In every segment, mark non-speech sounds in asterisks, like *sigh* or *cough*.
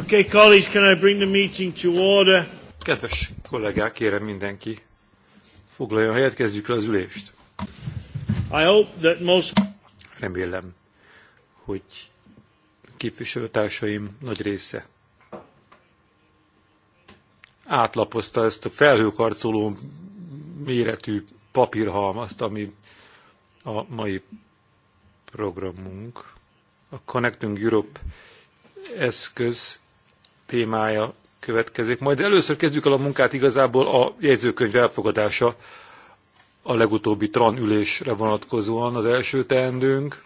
Okay, colleagues, can I bring the meeting to order? Kedves kollégák, kérem mindenki, foglaljon helyet, kezdjük le az ülést. I hope that most... Remélem, hogy képviselőtársaim nagy része átlapozta ezt a felhőkarcoló méretű papírhalmazt, ami a mai programunk. A Connecting Europe eszköz témája következik. Majd először kezdjük el a munkát igazából a jegyzőkönyv elfogadása a legutóbbi TRAN ülésre vonatkozóan az első teendőnk.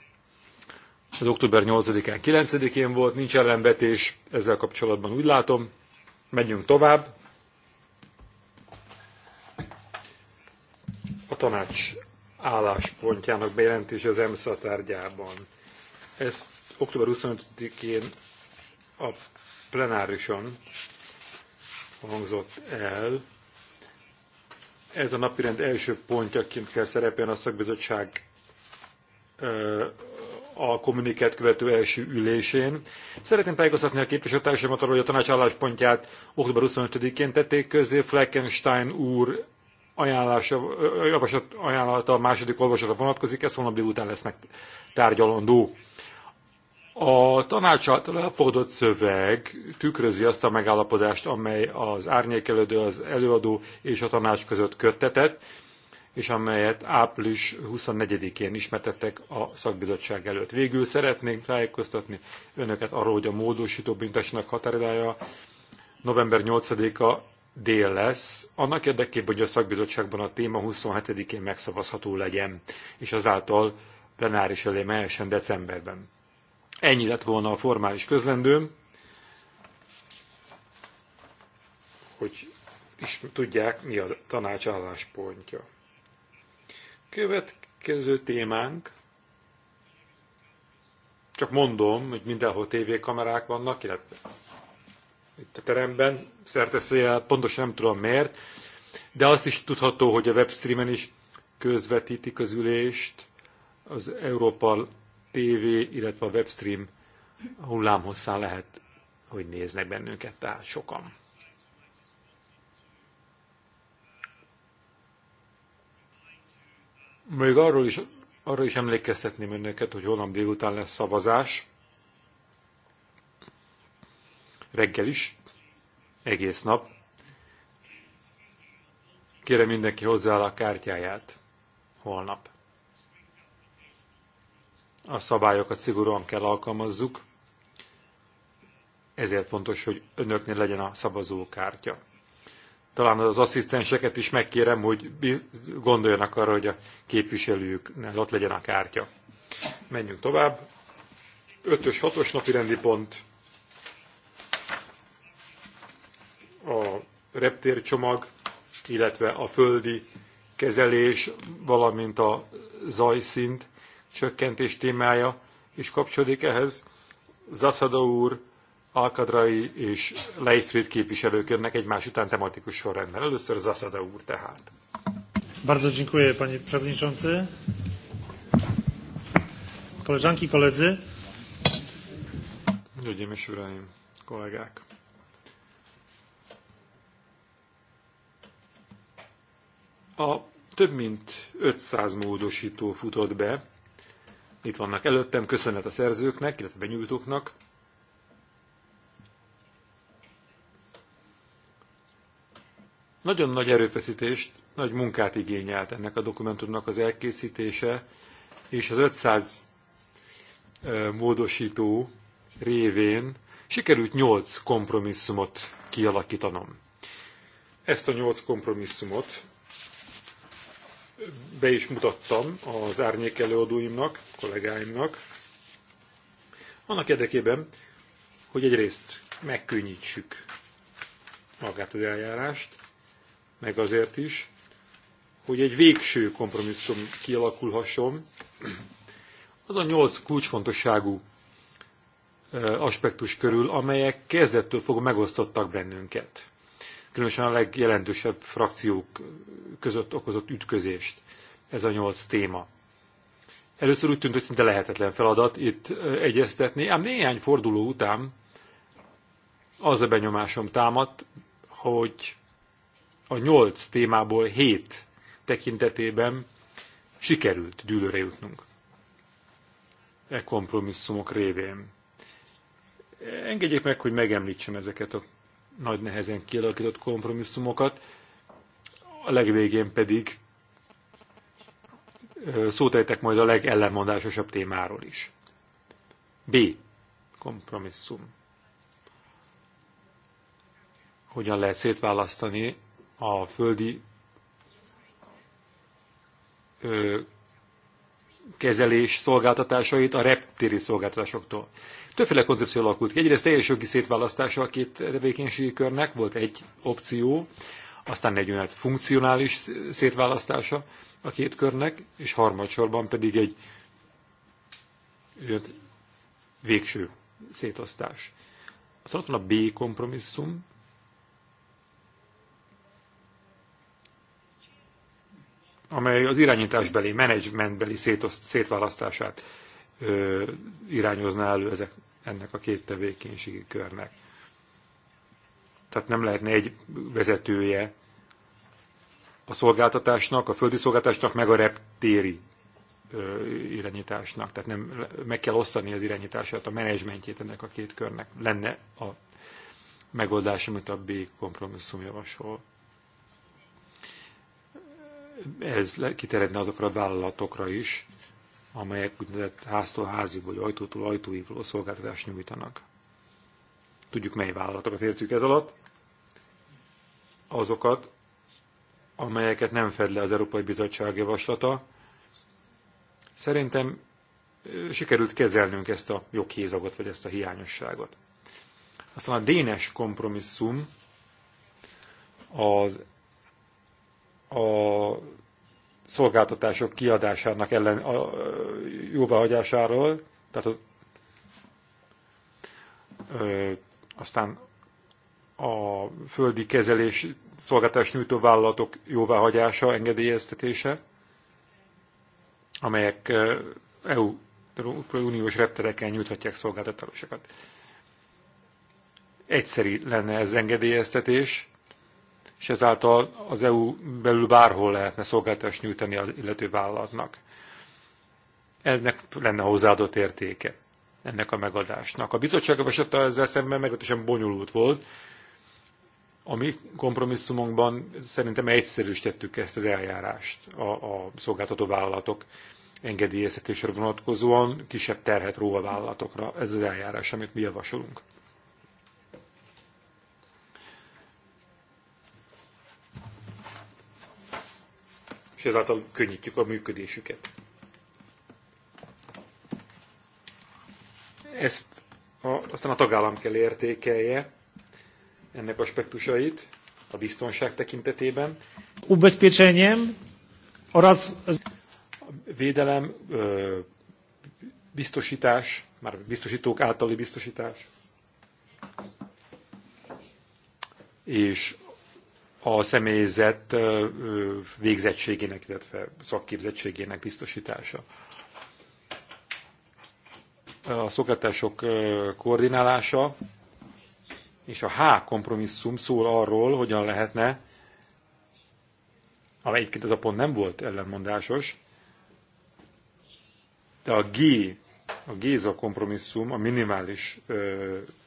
Az október 8-án, 9-én volt, nincs ellenvetés, ezzel kapcsolatban úgy látom. Megyünk tovább. A tanács álláspontjának bejelentése az EMSZA tárgyában. Ezt október 25-én a plenárison hangzott el. Ez a napirend első pontjaként kell szerepelni a szakbizottság a kommunikát követő első ülésén. Szeretném tájékoztatni a képviselőtársamat arról, hogy a tanács álláspontját október 25-én tették közé. Fleckenstein úr ajánlása, javaslat ajánlata a második olvasatra vonatkozik, ez holnap délután lesz meg tárgyalandó. A tanács által elfogadott szöveg tükrözi azt a megállapodást, amely az árnyékelődő, az előadó és a tanács között köttetett, és amelyet április 24-én ismertettek a szakbizottság előtt. Végül szeretnénk tájékoztatni önöket arról, hogy a módosító büntetésnek határidája november 8-a dél lesz, annak érdekében, hogy a szakbizottságban a téma 27-én megszavazható legyen, és azáltal plenáris elé mehessen decemberben. Ennyi lett volna a formális közlendőm, hogy is tudják, mi a tanács álláspontja. Következő témánk, csak mondom, hogy mindenhol tévékamerák vannak, illetve itt a teremben, szerteszél, pontosan nem tudom miért, de azt is tudható, hogy a webstreamen is közvetítik az ülést, az Európa TV, illetve a webstream hullámhosszán lehet, hogy néznek bennünket, tehát sokan. Még arról is, arról is emlékeztetném önöket, hogy holnap délután lesz szavazás. Reggel is, egész nap. Kérem mindenki hozzá a kártyáját holnap a szabályokat szigorúan kell alkalmazzuk, ezért fontos, hogy önöknél legyen a szavazókártya. Talán az asszisztenseket is megkérem, hogy gondoljanak arra, hogy a képviselőknél ott legyen a kártya. Menjünk tovább. 5-ös, 6-os napi rendi pont. A reptércsomag, illetve a földi kezelés, valamint a zajszint csökkentés témája, és kapcsolódik ehhez Zaszada úr, Alkadrai és Leifrid képviselőkörnek egymás után tematikus sorrendben. Először Zaszada úr tehát. Bardzo dziękuję, panie przewodniczący. Koleżanki, koledzy. Ludzie, és uraim, kollégák. A több mint 500 módosító futott be itt vannak előttem, köszönet a szerzőknek, illetve benyújtóknak. Nagyon nagy erőfeszítést, nagy munkát igényelt ennek a dokumentumnak az elkészítése, és az 500 módosító révén sikerült 8 kompromisszumot kialakítanom. Ezt a 8 kompromisszumot be is mutattam az árnyék előadóimnak, kollégáimnak, annak érdekében, hogy egyrészt megkönnyítsük magát az eljárást, meg azért is, hogy egy végső kompromisszum kialakulhasson. Az a nyolc kulcsfontosságú aspektus körül, amelyek kezdettől fogva megosztottak bennünket különösen a legjelentősebb frakciók között okozott ütközést ez a nyolc téma. Először úgy tűnt, hogy szinte lehetetlen feladat itt egyeztetni, ám néhány forduló után az a benyomásom támadt, hogy a nyolc témából hét tekintetében sikerült dűlőre jutnunk. E kompromisszumok révén. Engedjék meg, hogy megemlítsem ezeket a nagy nehezen kialakított kompromisszumokat, a legvégén pedig szótejtek majd a legellenmondásosabb témáról is. B. Kompromisszum. Hogyan lehet szétválasztani a földi ö, kezelés szolgáltatásait a reptéri szolgáltatásoktól. Többféle koncepció alakult ki. Egyrészt teljes jogi szétválasztása a két tevékenységi körnek, volt egy opció, aztán egy olyan funkcionális szétválasztása a két körnek, és harmadsorban pedig egy végső szétosztás. Aztán ott van a B kompromisszum, amely az irányításbeli, menedzsmentbeli szétoszt, szétválasztását ö, irányozná elő ezek, ennek a két tevékenységi körnek. Tehát nem lehetne egy vezetője a szolgáltatásnak, a földi szolgáltatásnak, meg a reptéri irányításnak. Tehát nem, meg kell osztani az irányítását, a menedzsmentjét ennek a két körnek. Lenne a megoldás, amit a B kompromisszum javasol. Ez kiteredne azokra a vállalatokra is, amelyek úgynevezett háztól házig, vagy ajtótól ajtóig szolgáltatást nyújtanak. Tudjuk, mely vállalatokat értjük ez alatt. Azokat, amelyeket nem fed le az Európai Bizottság javaslata. Szerintem sikerült kezelnünk ezt a joghézagot, vagy ezt a hiányosságot. Aztán a dénes kompromisszum az a szolgáltatások kiadásának ellen a, jóváhagyásáról, tehát az, ö, aztán a földi kezelés szolgáltatás nyújtó vállalatok jóváhagyása, engedélyeztetése, amelyek EU uniós reptereken nyújthatják szolgáltatásokat. Egyszerű lenne ez engedélyeztetés, és ezáltal az EU belül bárhol lehetne szolgáltást nyújtani az illető vállalatnak. Ennek lenne hozzáadott értéke, ennek a megadásnak. A bizottság javaslata ezzel szemben meglehetősen bonyolult volt. A mi kompromisszumunkban szerintem egyszerűsítettük ezt az eljárást a, a szolgáltató vállalatok engedélyeztetésre vonatkozóan kisebb terhet ró a vállalatokra. Ez az eljárás, amit mi javasolunk. és ezáltal könnyítjük a működésüket. Ezt a, aztán a tagállam kell értékelje ennek aspektusait a biztonság tekintetében. Ubezpieczeniem oraz... Védelem, biztosítás, már biztosítók általi biztosítás, és a személyzet végzettségének, illetve szakképzettségének biztosítása. A szokatások koordinálása és a H kompromisszum szól arról, hogyan lehetne, amely egyébként ez a pont nem volt ellenmondásos, de a G, a Géza kompromisszum a minimális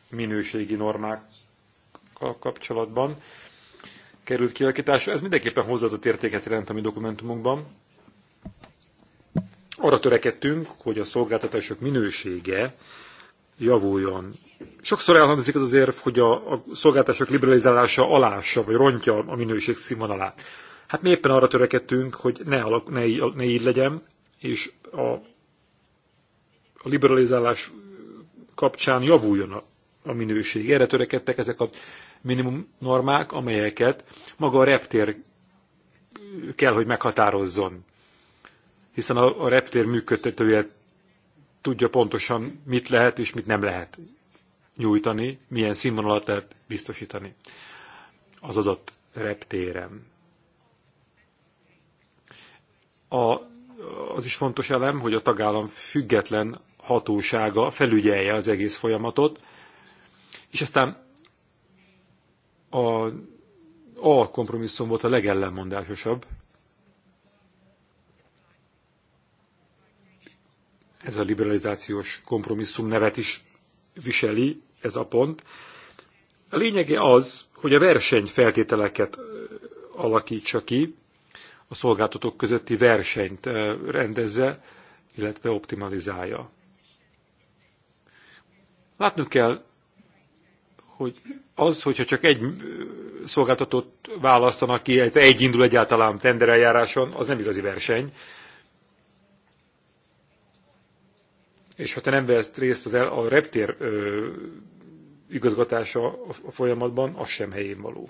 minőségi normákkal kapcsolatban, került kialakításra. Ez mindenképpen hozzáadott értéket jelent a mi dokumentumunkban. Arra törekedtünk, hogy a szolgáltatások minősége javuljon. Sokszor elhangzik az azért, hogy a, a szolgáltatások liberalizálása alása, vagy rontja a minőség színvonalát. Hát mi éppen arra törekedtünk, hogy ne, alak, ne, így, ne így legyen, és a, a liberalizálás kapcsán javuljon a, a minőség. Erre törekedtek ezek a minimum normák, amelyeket maga a reptér kell, hogy meghatározzon. Hiszen a, a reptér működtetője tudja pontosan, mit lehet és mit nem lehet nyújtani, milyen színvonalat lehet biztosítani az adott reptéren. A, az is fontos elem, hogy a tagállam független hatósága felügyelje az egész folyamatot, és aztán a A kompromisszum volt a legellenmondásosabb. Ez a liberalizációs kompromisszum nevet is viseli, ez a pont. A lényege az, hogy a verseny feltételeket alakítsa ki, a szolgáltatók közötti versenyt rendezze, illetve optimalizálja. Látnunk kell, hogy az, hogyha csak egy szolgáltatót választanak ki, egy indul egyáltalán tendereljáráson, az nem igazi verseny. És ha te nem vesz részt az el, a reptér ö, igazgatása a folyamatban, az sem helyén való.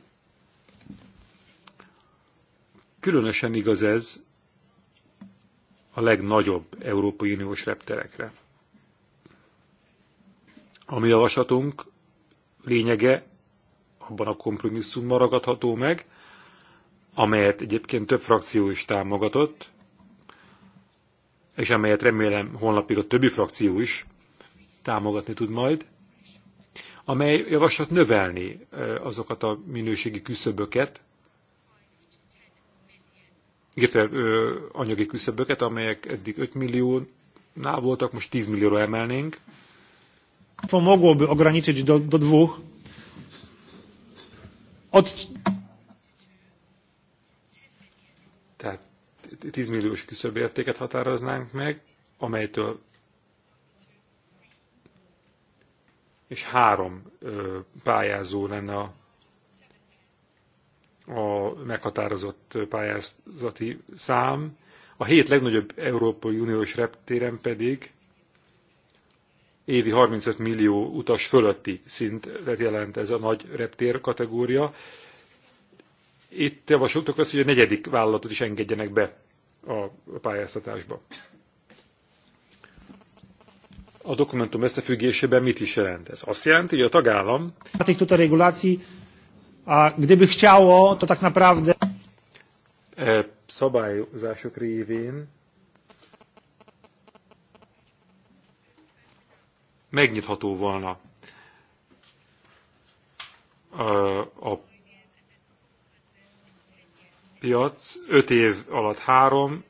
Különösen igaz ez a legnagyobb Európai Uniós repterekre. A mi javaslatunk lényege abban a kompromisszumban ragadható meg, amelyet egyébként több frakció is támogatott, és amelyet remélem holnapig a többi frakció is támogatni tud majd, amely javaslat növelni azokat a minőségi küszöböket, illetve anyagi küszöböket, amelyek eddig 5 milliónál voltak, most 10 millióra emelnénk, pomogłoby ograniczyć do, do dwóch. Od... Tehát 10 milliós küszöbértéket határoznánk meg, amelytől és három ö, pályázó lenne a, a meghatározott pályázati szám. A hét legnagyobb Európai Uniós reptéren pedig évi 35 millió utas fölötti szintet jelent ez a nagy reptér kategória. Itt javasoltuk azt, hogy a negyedik vállalatot is engedjenek be a pályáztatásba. A dokumentum összefüggésében mit is jelent ez? Azt jelenti, hogy a tagállam... a tutaj a gdyby chciało, to tak naprawdę... E, szabályozások révén megnyitható volna a piac, 5 év alatt 3,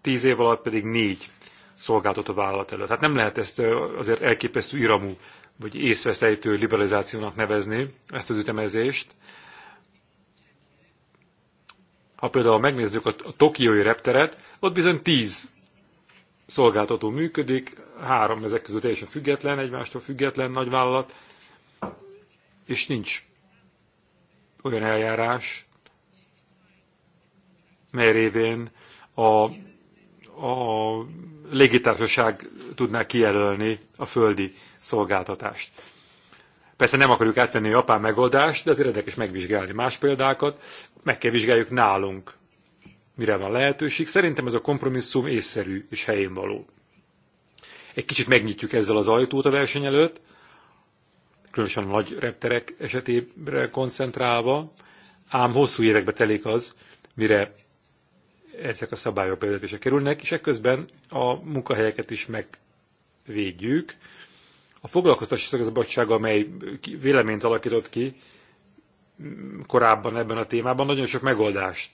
10 év alatt pedig 4 szolgáltató vállalat előtt. Tehát nem lehet ezt azért elképesztő iramú vagy észveszejtő liberalizációnak nevezni ezt az ütemezést. Ha például megnézzük a tokiói repteret, ott bizony 10 szolgáltató működik, három ezek közül teljesen független, egymástól független nagyvállalat, és nincs olyan eljárás, mely révén a, a légitársaság tudná kijelölni a földi szolgáltatást. Persze nem akarjuk átvenni a japán megoldást, de azért érdekes megvizsgálni más példákat, meg kell vizsgáljuk nálunk, mire van lehetőség. Szerintem ez a kompromisszum észszerű és helyén való egy kicsit megnyitjuk ezzel az ajtót a verseny előtt, különösen a nagy repterek esetére koncentrálva, ám hosszú évekbe telik az, mire ezek a szabályok bevezetése kerülnek, és ekközben a munkahelyeket is megvédjük. A foglalkoztatási szakaszabadság, amely véleményt alakított ki mm, korábban ebben a témában, nagyon sok megoldást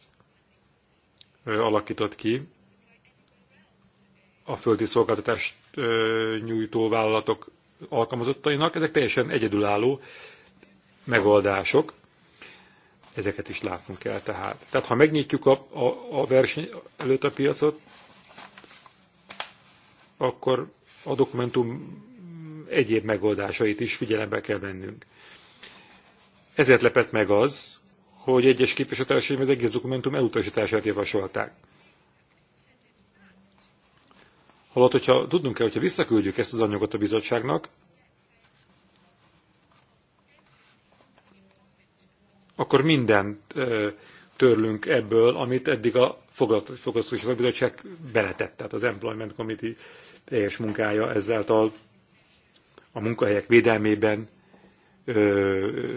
alakított ki, a földi szolgáltatást nyújtó vállalatok alkalmazottainak. Ezek teljesen egyedülálló megoldások. Ezeket is látnunk kell tehát. Tehát ha megnyitjuk a, a, a verseny előtt a piacot, akkor a dokumentum egyéb megoldásait is figyelembe kell vennünk. Ezért lepett meg az, hogy egyes képviselőtársaim az egész dokumentum elutasítását javasolták. Holott, hogyha tudnunk kell, hogyha visszaküldjük ezt az anyagot a bizottságnak, akkor mindent törlünk ebből, amit eddig a foglalkoztatási bizottság beletett, tehát az Employment Committee teljes munkája ezáltal a munkahelyek védelmében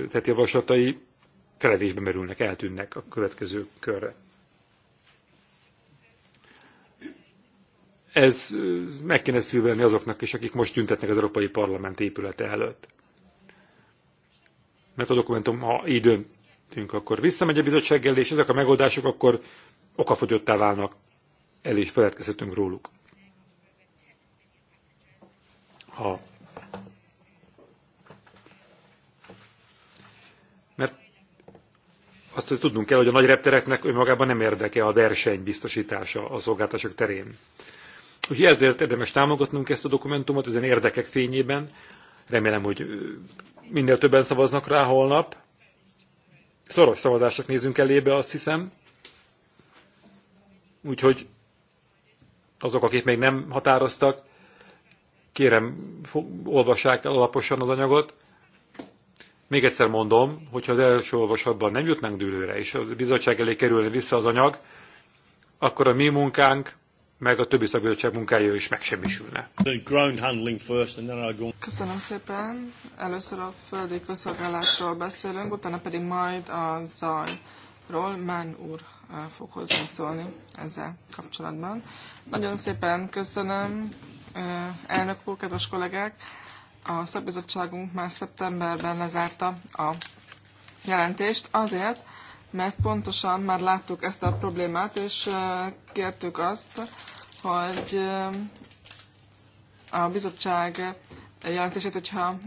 tett javaslatai feledésbe merülnek, eltűnnek a következő körre. ez meg kéne szívelni azoknak is, akik most tüntetnek az Európai Parlament épülete előtt. Mert a dokumentum, ha így döntünk, akkor visszamegy a bizottság elé, és ezek a megoldások akkor okafogyottá válnak, el is feledkezhetünk róluk. Ha. Mert azt hogy tudnunk kell, hogy a nagy reptereknek önmagában nem érdeke a verseny biztosítása a szolgáltatások terén. Úgyhogy ezért érdemes támogatnunk ezt a dokumentumot, ezen érdekek fényében. Remélem, hogy minél többen szavaznak rá holnap. Szoros szavazások nézünk elébe, azt hiszem. Úgyhogy azok, akik még nem határoztak, kérem, olvassák el alaposan az anyagot. Még egyszer mondom, hogyha az első olvasatban nem jutnánk dőlőre, és a bizottság elé kerülne vissza az anyag, akkor a mi munkánk meg a többi szakbizottság munkája is megsemmisülne. Köszönöm szépen. Először a földi közszolgálásról beszélünk, utána pedig majd a zajról Mán úr fog hozzászólni ezzel kapcsolatban. Nagyon szépen köszönöm, elnök úr, kedves kollégák! A szakbizottságunk már szeptemberben lezárta a jelentést azért, mert pontosan már láttuk ezt a problémát, és kértük azt, hogy a bizottság jelentését, hogyha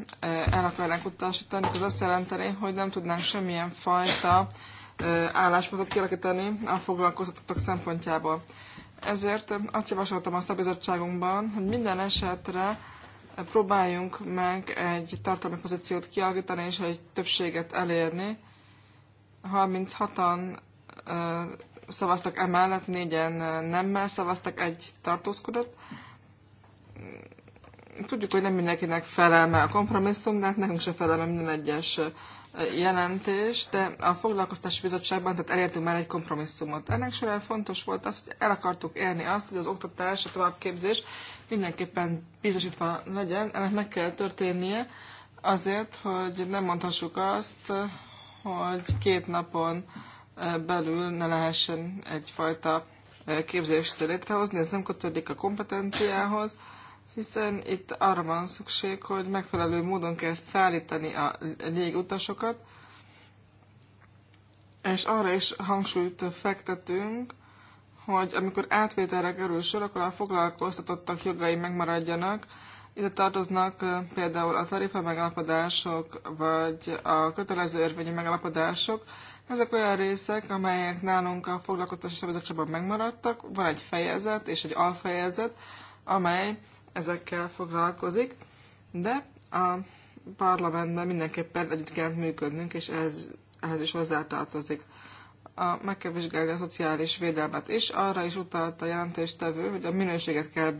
el akarnánk utasítani, az azt jelenteni, hogy nem tudnánk semmilyen fajta álláspontot kialakítani a foglalkoztatottak szempontjából. Ezért azt javasoltam a szabizottságunkban, hogy minden esetre próbáljunk meg egy tartalmi pozíciót kialakítani és egy többséget elérni. 36-an szavaztak emellett, négyen nemmel szavaztak, egy tartózkodott. Tudjuk, hogy nem mindenkinek felelme a kompromisszum, de hát nekünk sem felelme minden egyes jelentés, de a foglalkoztási bizottságban tehát elértünk már egy kompromisszumot. Ennek során fontos volt az, hogy el akartuk érni azt, hogy az oktatás, a továbbképzés mindenképpen biztosítva legyen, ennek meg kell történnie azért, hogy nem mondhassuk azt, hogy két napon uh, belül ne lehessen egyfajta képzést létrehozni, ez nem kötődik a kompetenciához, hiszen itt arra van szükség, hogy megfelelő módon kell szállítani a légutasokat, és arra is hangsúlyt fektetünk, hogy amikor átvételre kerül sor, akkor a foglalkoztatottak jogai megmaradjanak, ide tartoznak például a tarifa megalapodások, vagy a kötelező érvényű megalapodások Ezek olyan részek, amelyek nálunk a foglalkoztatási szabadságban megmaradtak. Van egy fejezet és egy alfejezet, amely ezekkel foglalkozik, de a parlamentben mindenképpen együtt kell működnünk, és ehhez, ehhez is hozzátartozik. A, meg kell vizsgálni a szociális védelmet is. Arra is utalt a jelentéstevő, hogy a minőséget kell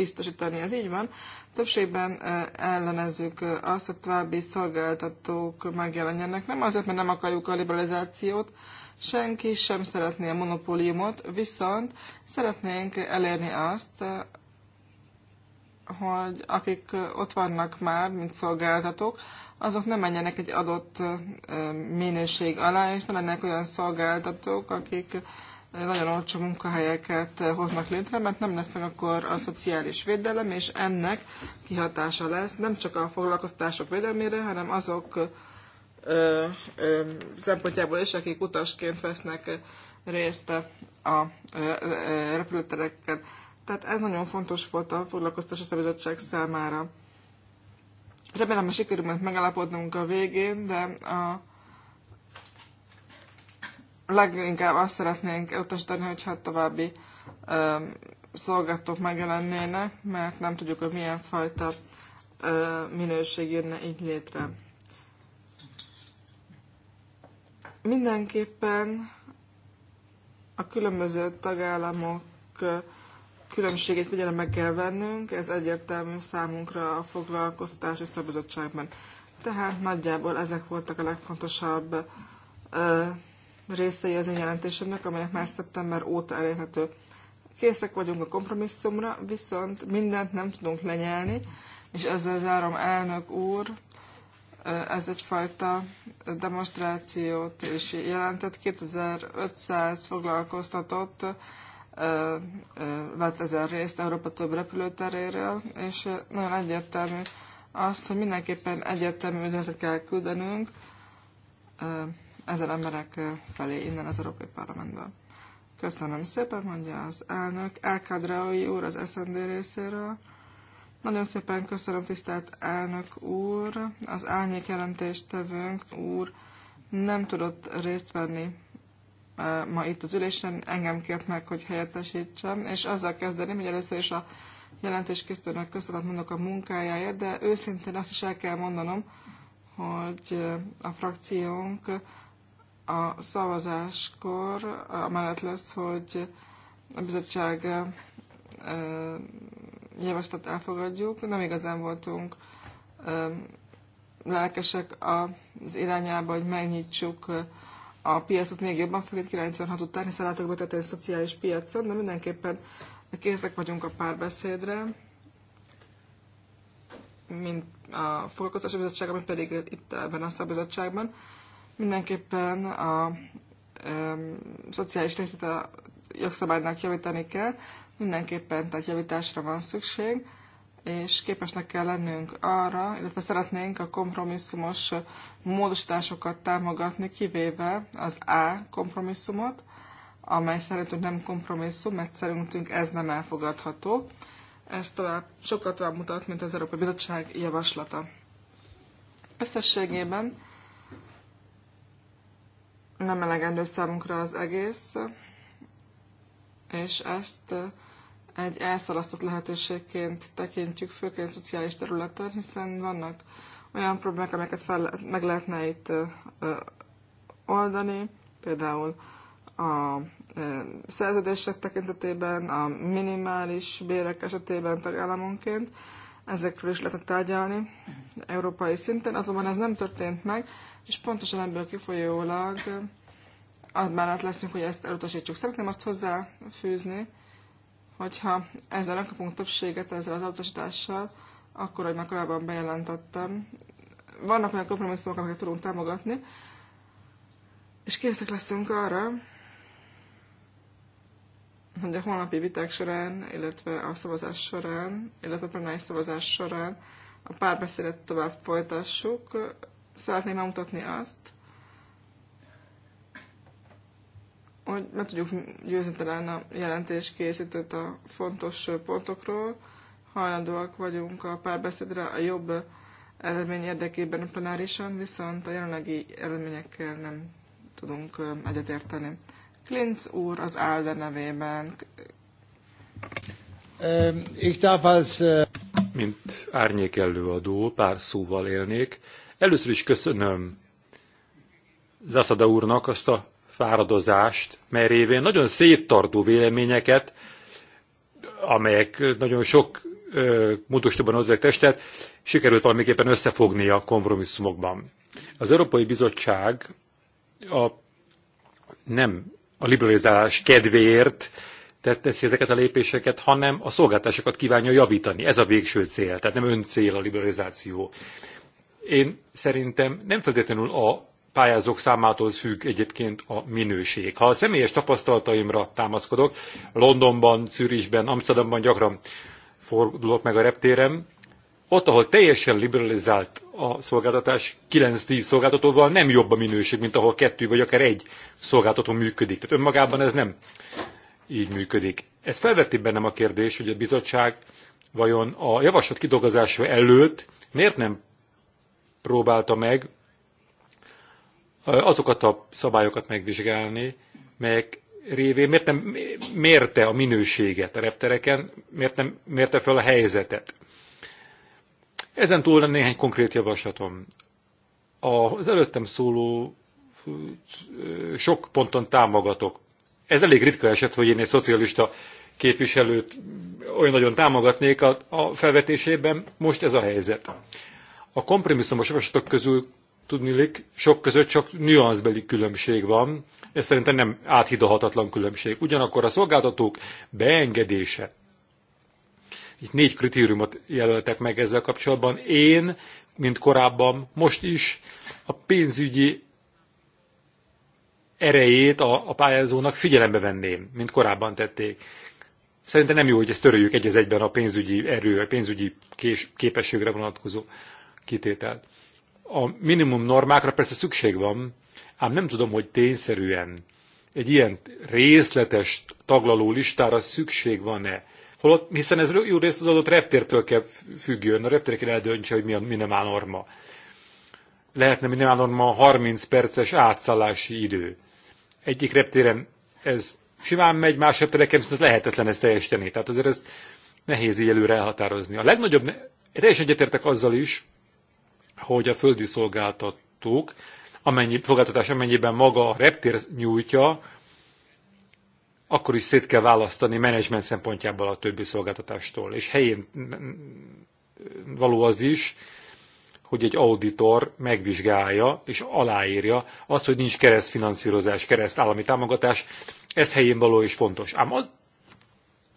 biztosítani. Ez így van. Többségben ellenezzük azt, hogy további szolgáltatók megjelenjenek. Nem azért, mert nem akarjuk a liberalizációt, senki sem szeretné a monopóliumot, viszont szeretnénk elérni azt, hogy akik ott vannak már, mint szolgáltatók, azok nem menjenek egy adott minőség alá, és ne lennek olyan szolgáltatók, akik nagyon olcsó munkahelyeket hoznak létre, mert nem lesz meg akkor a szociális védelem, és ennek kihatása lesz nem csak a foglalkoztatások védelmére, hanem azok ö, ö, szempontjából is, akik utasként vesznek részt a repülőtereket. Tehát ez nagyon fontos volt a foglalkoztatási szabizottság számára. Remélem, hogy sikerül megállapodnunk a végén, de a leginkább azt szeretnénk elutasítani, hogyha további um, szolgáltatók megjelennének, mert nem tudjuk, hogy milyen fajta ö, minőség jönne így létre. Mindenképpen a különböző tagállamok különbségét figyelembe kell vennünk, ez egyértelmű számunkra a és szabadságban. Tehát nagyjából ezek voltak a legfontosabb ö, részei az én jelentésemnek, amelyek már szeptember óta elérhető. Készek vagyunk a kompromisszumra, viszont mindent nem tudunk lenyelni, és ezzel zárom elnök úr, ez egyfajta demonstrációt is jelentett. 2500 foglalkoztatott vett ezen részt Európa több repülőteréről, és nagyon egyértelmű az, hogy mindenképpen egyértelmű üzenetet kell küldenünk ezer emberek felé innen az Európai Parlamentből. Köszönöm szépen, mondja az elnök. Elkadraui úr az SND részéről. Nagyon szépen köszönöm, tisztelt elnök úr. Az árnyék jelentéstevőnk úr nem tudott részt venni ma itt az ülésen, engem kért meg, hogy helyettesítsem, és azzal kezdeném, hogy először is a jelentéskészítőnek köszönet mondok a munkájáért, de őszintén azt is el kell mondanom, hogy a frakciónk a szavazáskor amellett lesz, hogy a bizottság javaslat elfogadjuk. Nem igazán voltunk lelkesek az irányába, hogy megnyitsuk a piacot még jobban, főleg 96 után, hiszen látok betetni a szociális piacon, de mindenképpen készek vagyunk a párbeszédre, mint a foglalkoztatási bizottságban, pedig itt ebben a szabizottságban. Mindenképpen a um, szociális részét a jogszabálynak javítani kell, mindenképpen tehát javításra van szükség, és képesnek kell lennünk arra, illetve szeretnénk a kompromisszumos módosításokat támogatni, kivéve az A kompromisszumot, amely szerintünk nem kompromisszum, mert szerintünk ez nem elfogadható. Ez tovább, sokkal tovább mutat, mint az Európai Bizottság javaslata. Összességében nem elegendő számunkra az egész, és ezt egy elszalasztott lehetőségként tekintjük, főként szociális területen, hiszen vannak olyan problémák, amelyeket fel, meg lehetne itt oldani, például a szerződések tekintetében, a minimális bérek esetében tagállamonként, ezekről is lehetett tárgyalni európai szinten, azonban ez nem történt meg, és pontosan ebből kifolyólag admálat leszünk, hogy ezt elutasítsuk. Szeretném azt hozzáfűzni, hogyha ezzel nem kapunk többséget, ezzel az elutasítással, akkor, ahogy már korábban bejelentettem, vannak olyan kompromisszumok, amiket tudunk támogatni, és készek leszünk arra, hogy a holnapi viták során, illetve a szavazás során, illetve a plenáris szavazás során a párbeszédet tovább folytassuk, szeretném bemutatni azt, hogy meg tudjuk győzni talán a jelentés készített a fontos pontokról. Hajlandóak vagyunk a párbeszédre a jobb eredmény érdekében plenárisan, viszont a jelenlegi eredményekkel nem tudunk egyetérteni. Klinz úr az Álde nevében. Mint árnyék előadó pár szóval élnék Először is köszönöm Zászada úrnak azt a fáradozást, mely révén nagyon széttartó véleményeket, amelyek nagyon sok módosítóban az testet, sikerült valamiképpen összefogni a kompromisszumokban. Az Európai Bizottság a, nem a liberalizálás kedvéért teszi ezeket a lépéseket, hanem a szolgáltásokat kívánja javítani. Ez a végső cél, tehát nem ön cél a liberalizáció. Én szerintem nem feltétlenül a pályázók számától függ egyébként a minőség. Ha a személyes tapasztalataimra támaszkodok, Londonban, Zürichben, Amsterdamban gyakran fordulok meg a reptérem, ott, ahol teljesen liberalizált a szolgáltatás, 9-10 szolgáltatóval nem jobb a minőség, mint ahol kettő vagy akár egy szolgáltató működik. Tehát önmagában ez nem így működik. Ez felveti bennem a kérdés, hogy a bizottság vajon a javaslat kidolgozása előtt miért nem próbálta meg azokat a szabályokat megvizsgálni, melyek révén miért nem mérte a minőséget a reptereken, miért nem mérte fel a helyzetet. Ezen túl néhány konkrét javaslatom. Az előttem szóló sok ponton támogatok. Ez elég ritka eset, hogy én egy szocialista képviselőt olyan nagyon támogatnék a felvetésében, most ez a helyzet. A kompromisszumos javaslatok közül tudnilik, sok között csak nüanszbeli különbség van, ez szerintem nem áthidalhatatlan különbség. Ugyanakkor a szolgáltatók beengedése, itt négy kritériumot jelöltek meg ezzel kapcsolatban, én, mint korábban, most is a pénzügyi erejét a, a pályázónak figyelembe venném, mint korábban tették. Szerintem nem jó, hogy ezt töröljük egy az egyben a pénzügyi erő, a pénzügyi kés, képességre vonatkozó kitételt. A minimum normákra persze szükség van, ám nem tudom, hogy tényszerűen egy ilyen részletes taglaló listára szükség van-e. Holott, hiszen ez jó részt az adott reptértől kell függjön, a reptér kell eldöntse, hogy mi, a, mi norma. Lehetne minimál norma 30 perces átszállási idő. Egyik reptéren ez simán megy, más reptereken viszont lehetetlen ezt teljesíteni. Tehát azért ezt nehéz így előre elhatározni. A legnagyobb, teljesen egyetértek azzal is, hogy a földi szolgáltatók, amennyi, szolgáltatás amennyiben maga a reptér nyújtja, akkor is szét kell választani menedzsment szempontjából a többi szolgáltatástól. És helyén való az is, hogy egy auditor megvizsgálja és aláírja azt, hogy nincs keresztfinanszírozás, kereszt állami támogatás. Ez helyén való és fontos. Ám az,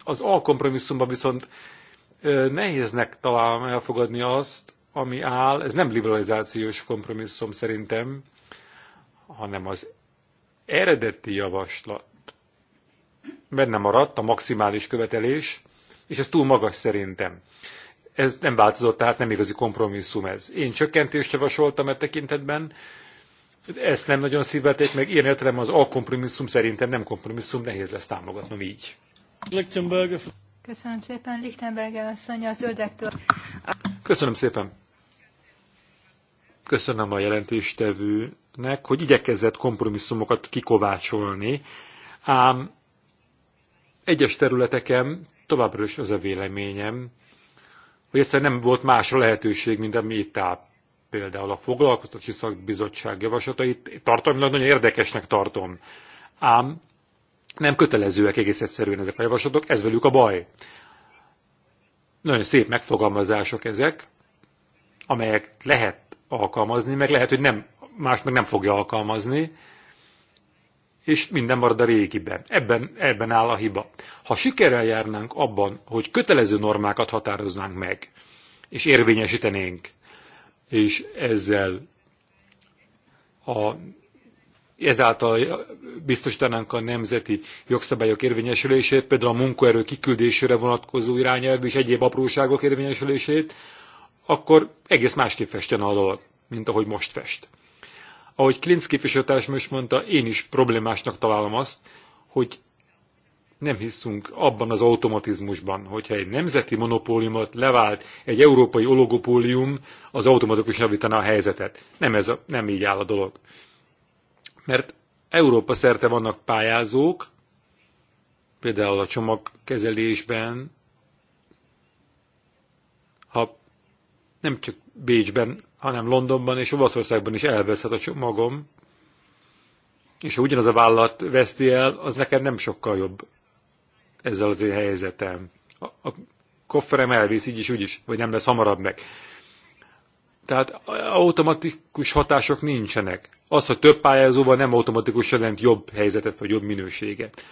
az alkompromisszumban viszont nehéznek talán elfogadni azt, ami áll, ez nem liberalizációs kompromisszum szerintem, hanem az eredeti javaslat. Benne maradt a maximális követelés, és ez túl magas szerintem. Ez nem változott, tehát nem igazi kompromisszum ez. Én csökkentést javasoltam e tekintetben, ezt nem nagyon szívvelték meg, ilyen értelem az a kompromisszum szerintem nem kompromisszum, nehéz lesz támogatnom így. Köszönöm szépen, Lichtenberger asszony a zöldektől. Köszönöm szépen. Köszönöm a jelentéstevőnek, hogy igyekezett kompromisszumokat kikovácsolni, ám egyes területeken továbbra is az a véleményem, hogy egyszerűen nem volt más lehetőség, mint a itt Például a foglalkoztatási szakbizottság javaslatait tartalmilag nagyon érdekesnek tartom. Ám nem kötelezőek egész egyszerűen ezek a javaslatok, ez velük a baj. Nagyon szép megfogalmazások ezek, amelyek lehet alkalmazni, meg lehet, hogy nem, más meg nem fogja alkalmazni, és minden marad a régiben. Ebben, ebben áll a hiba. Ha sikerrel járnánk abban, hogy kötelező normákat határoznánk meg, és érvényesítenénk, és ezzel a, ezáltal biztosítanánk a nemzeti jogszabályok érvényesülését, például a munkaerő kiküldésére vonatkozó irányelv és egyéb apróságok érvényesülését, akkor egész másképp festjen a dolog, mint ahogy most fest. Ahogy Klinz képviselőtárs most mondta, én is problémásnak találom azt, hogy nem hiszünk abban az automatizmusban, hogyha egy nemzeti monopóliumot levált egy európai oligopólium, az automatikus javítaná a helyzetet. Nem, ez a, nem így áll a dolog. Mert Európa szerte vannak pályázók, például a csomagkezelésben, ha nem csak Bécsben, hanem Londonban és Olaszországban is elveszhet a csomagom, és ha ugyanaz a vállalat veszti el, az nekem nem sokkal jobb ezzel az én helyzetem. A, a kofferem elvész így is, úgy is, vagy nem lesz hamarabb meg. Tehát automatikus hatások nincsenek. Az, hogy több pályázó van, nem automatikus jelent jobb helyzetet, vagy jobb minőséget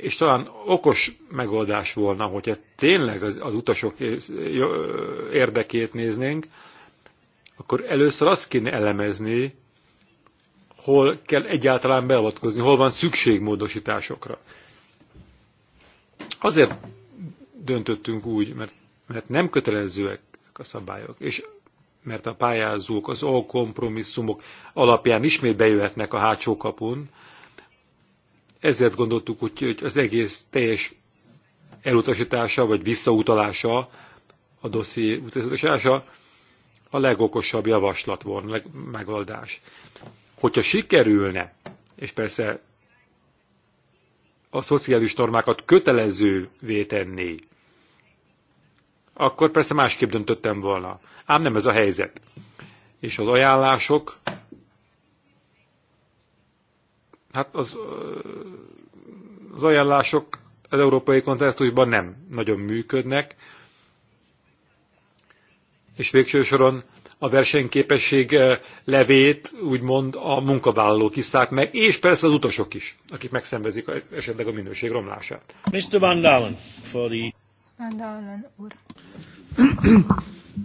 és talán okos megoldás volna, hogyha tényleg az, az utasok érdekét néznénk, akkor először azt kéne elemezni, hol kell egyáltalán beavatkozni, hol van szükség módosításokra. Azért döntöttünk úgy, mert, mert nem kötelezőek a szabályok, és mert a pályázók, az alkompromisszumok alapján ismét bejöhetnek a hátsó kapun, ezért gondoltuk, hogy, hogy az egész teljes elutasítása, vagy visszautalása, a dosszi utasítása a legokosabb javaslat volna, leg, megoldás. Hogyha sikerülne, és persze a szociális normákat kötelezővé tenni, akkor persze másképp döntöttem volna. Ám nem ez a helyzet. És az ajánlások hát az, az ajánlások az európai kontextusban nem nagyon működnek, és végső soron a versenyképesség levét úgymond a munkavállalók iszák meg, és persze az utasok is, akik megszenvezik esetleg a minőség romlását. Mr. Van Dalen, for the... Van Dalen úr.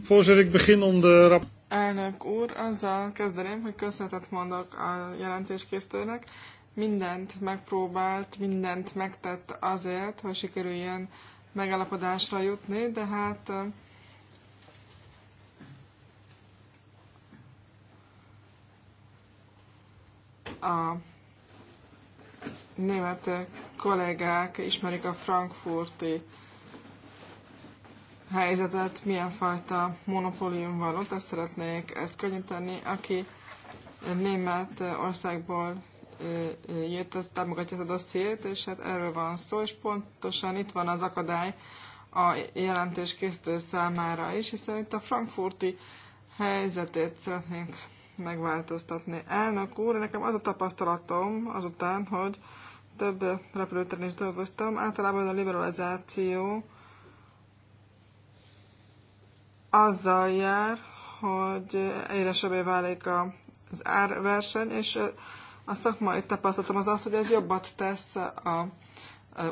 Voorzitter, ik begin om de rapport Elnök úr, azzal kezdeném, hogy köszönetet mondok a jelentéskészítőnek. Mindent megpróbált, mindent megtett azért, hogy sikerüljön megállapodásra jutni, de hát a német kollégák ismerik a frankfurti helyzetet, milyen fajta monopólium van ott, ezt szeretnék ezt könnyíteni. Aki német országból jött, az támogatja ezt a dossziét, és hát erről van szó, és pontosan itt van az akadály a jelentés készítő számára is, hiszen itt a frankfurti helyzetét szeretnénk megváltoztatni. Elnök úr, nekem az a tapasztalatom azután, hogy több repülőteren is dolgoztam, általában a liberalizáció azzal jár, hogy egyre sebbé válik az árverseny, és a szakmai tapasztalatom az az, hogy ez jobbat tesz a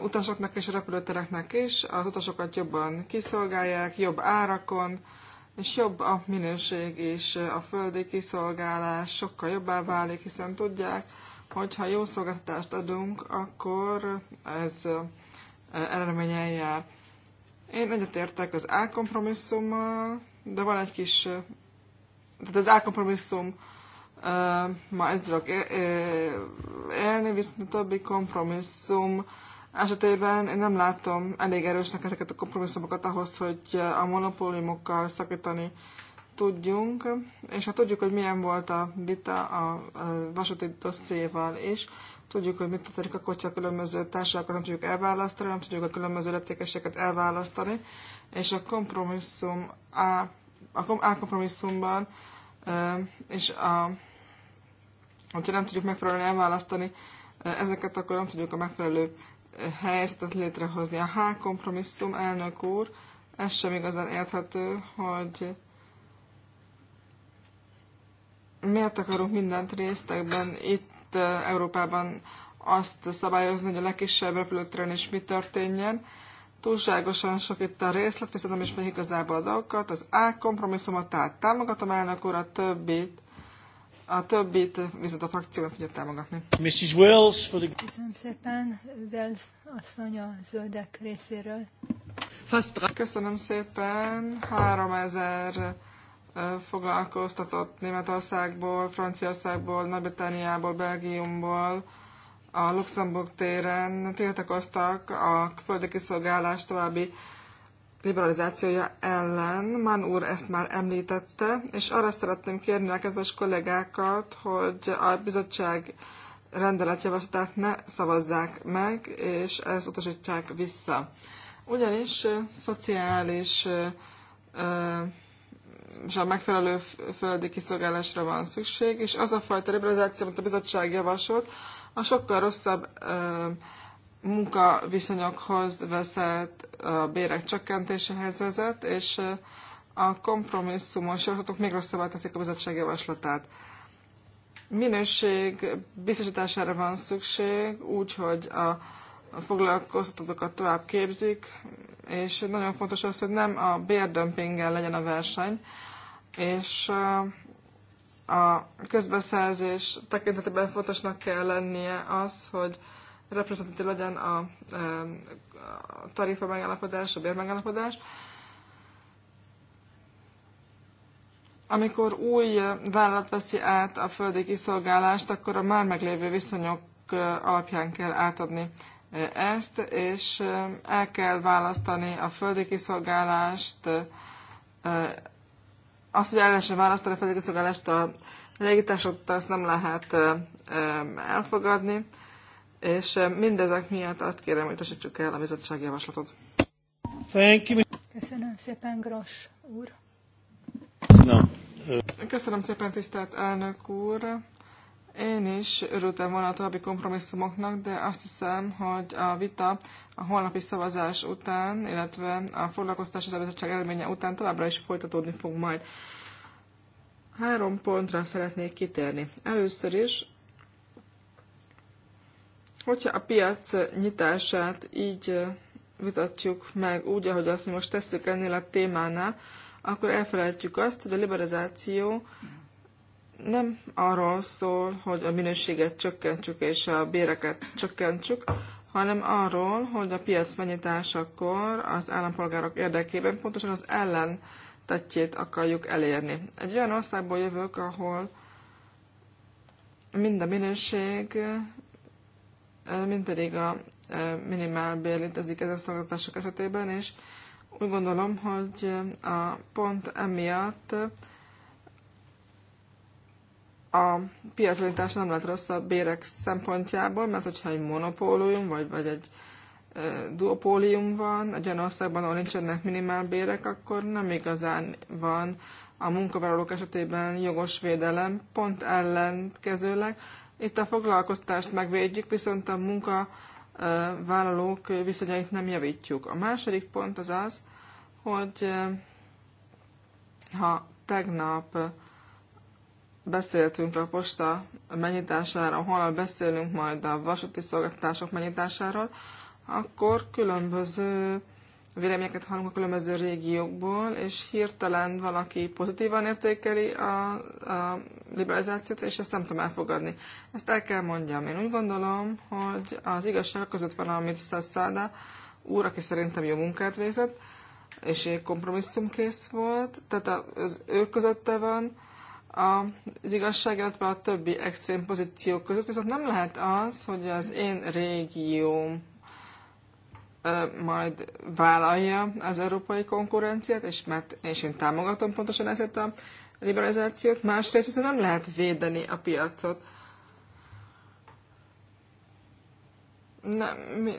utasoknak és a repülőtereknek is, az utasokat jobban kiszolgálják, jobb árakon, és jobb a minőség és a földi kiszolgálás sokkal jobbá válik, hiszen tudják, hogy ha jó szolgáltatást adunk, akkor ez eredményen jár. Én egyetértek az A de van egy kis... Tehát az A uh, ma ezt tudok élni, viszont a többi kompromisszum esetében én nem látom elég erősnek ezeket a kompromisszumokat ahhoz, hogy a monopóliumokkal szakítani tudjunk, és hát tudjuk, hogy milyen volt a vita a, a vasúti dosszéval is, Tudjuk, hogy mit történik akkor, hogyha a különböző társadalmakat nem tudjuk elválasztani, nem tudjuk a különböző lettékeseket elválasztani, és a kompromisszum a, a, a kompromisszumban és a, hogyha nem tudjuk megfelelően elválasztani ezeket, akkor nem tudjuk a megfelelő helyzetet létrehozni. A H kompromisszum, elnök úr, ez sem igazán érthető, hogy miért akarunk mindent résztekben itt kellett Európában azt szabályozni, hogy a legkisebb repülőtéren is mi történjen. Túlságosan sok itt a részlet, viszont nem is meg igazából a dolgokat. Az A kompromisszumot tehát támogatom elnök úr, a többit, a többit viszont a frakció nem tudja támogatni. Mrs. Wells, for the... Köszönöm szépen, Wells asszony a zöldek részéről. Köszönöm szépen, 3000 foglalkoztatott Németországból, Franciaországból, Nagy-Britániából, Belgiumból, a Luxemburg téren tiltakoztak a földi kiszolgálás további liberalizációja ellen. Mann úr ezt már említette, és arra szeretném kérni a kedves kollégákat, hogy a bizottság rendeletjavaslatát ne szavazzák meg, és ezt utasítsák vissza. Ugyanis szociális és a megfelelő földi kiszolgálásra van szükség, és az a fajta liberalizáció, amit a bizottság javasolt, a sokkal rosszabb munkaviszonyokhoz vezet, a bérek csökkentéséhez vezet, és a kompromisszumos javaslatok még rosszabbá teszik a bizottság javaslatát. Minőség biztosítására van szükség, úgyhogy a foglalkoztatókat tovább képzik, és nagyon fontos az, hogy nem a bérdömpinggel legyen a verseny, és a közbeszerzés tekintetében fontosnak kell lennie az, hogy reprezentatív legyen a, tarifa megállapodás, a bérmegállapodás. Amikor új vállalat veszi át a földi kiszolgálást, akkor a már meglévő viszonyok alapján kell átadni ezt, és el kell választani a földi kiszolgálást az, hogy el lehessen választani a felégszolgálást a légitársaktól, azt nem lehet elfogadni, és mindezek miatt azt kérem, hogy utasítsuk el a bizottsági javaslatot. Thank you. Köszönöm szépen, Gros úr. Köszönöm. Köszönöm szépen, tisztelt elnök úr. Én is örültem volna a további kompromisszumoknak, de azt hiszem, hogy a vita a holnapi szavazás után, illetve a foglalkoztási szabadság eredménye után továbbra is folytatódni fog majd. Három pontra szeretnék kitérni. Először is, hogyha a piac nyitását így vitatjuk meg úgy, ahogy azt mi most tesszük ennél a témánál, akkor elfelejtjük azt, hogy a liberalizáció nem arról szól, hogy a minőséget csökkentsük és a béreket csökkentsük, hanem arról, hogy a piac akkor az állampolgárok érdekében pontosan az ellen tettjét akarjuk elérni. Egy olyan országból jövök, ahol mind a minőség, mind pedig a e, minimálbér ez ezen szolgáltatások esetében, és úgy gondolom, hogy a pont emiatt a piacvonítás nem lett rossz a bérek szempontjából, mert hogyha egy monopólium, vagy, vagy egy duopólium van, egy olyan országban, ahol nincsenek bérek, akkor nem igazán van a munkavállalók esetében jogos védelem, pont ellenkezőleg. Itt a foglalkoztást megvédjük, viszont a munkavállalók viszonyait nem javítjuk. A második pont az az, hogy ha tegnap beszéltünk a posta mennyitásáról, holnap beszélünk majd a vasúti szolgáltatások mennyitásáról, akkor különböző véleményeket hallunk a különböző régiókból, és hirtelen valaki pozitívan értékeli a, a liberalizációt, és ezt nem tudom elfogadni. Ezt el kell mondjam. Én úgy gondolom, hogy az igazság között van, amit Szasszáda úr, aki szerintem jó munkát végzett, és kompromisszumkész volt, tehát az ő közötte van, az igazság, illetve a többi extrém pozíció között, viszont nem lehet az, hogy az én régióm majd vállalja az európai konkurenciát, és, mert, és én támogatom pontosan ezt a liberalizációt, másrészt viszont nem lehet védeni a piacot. Nem,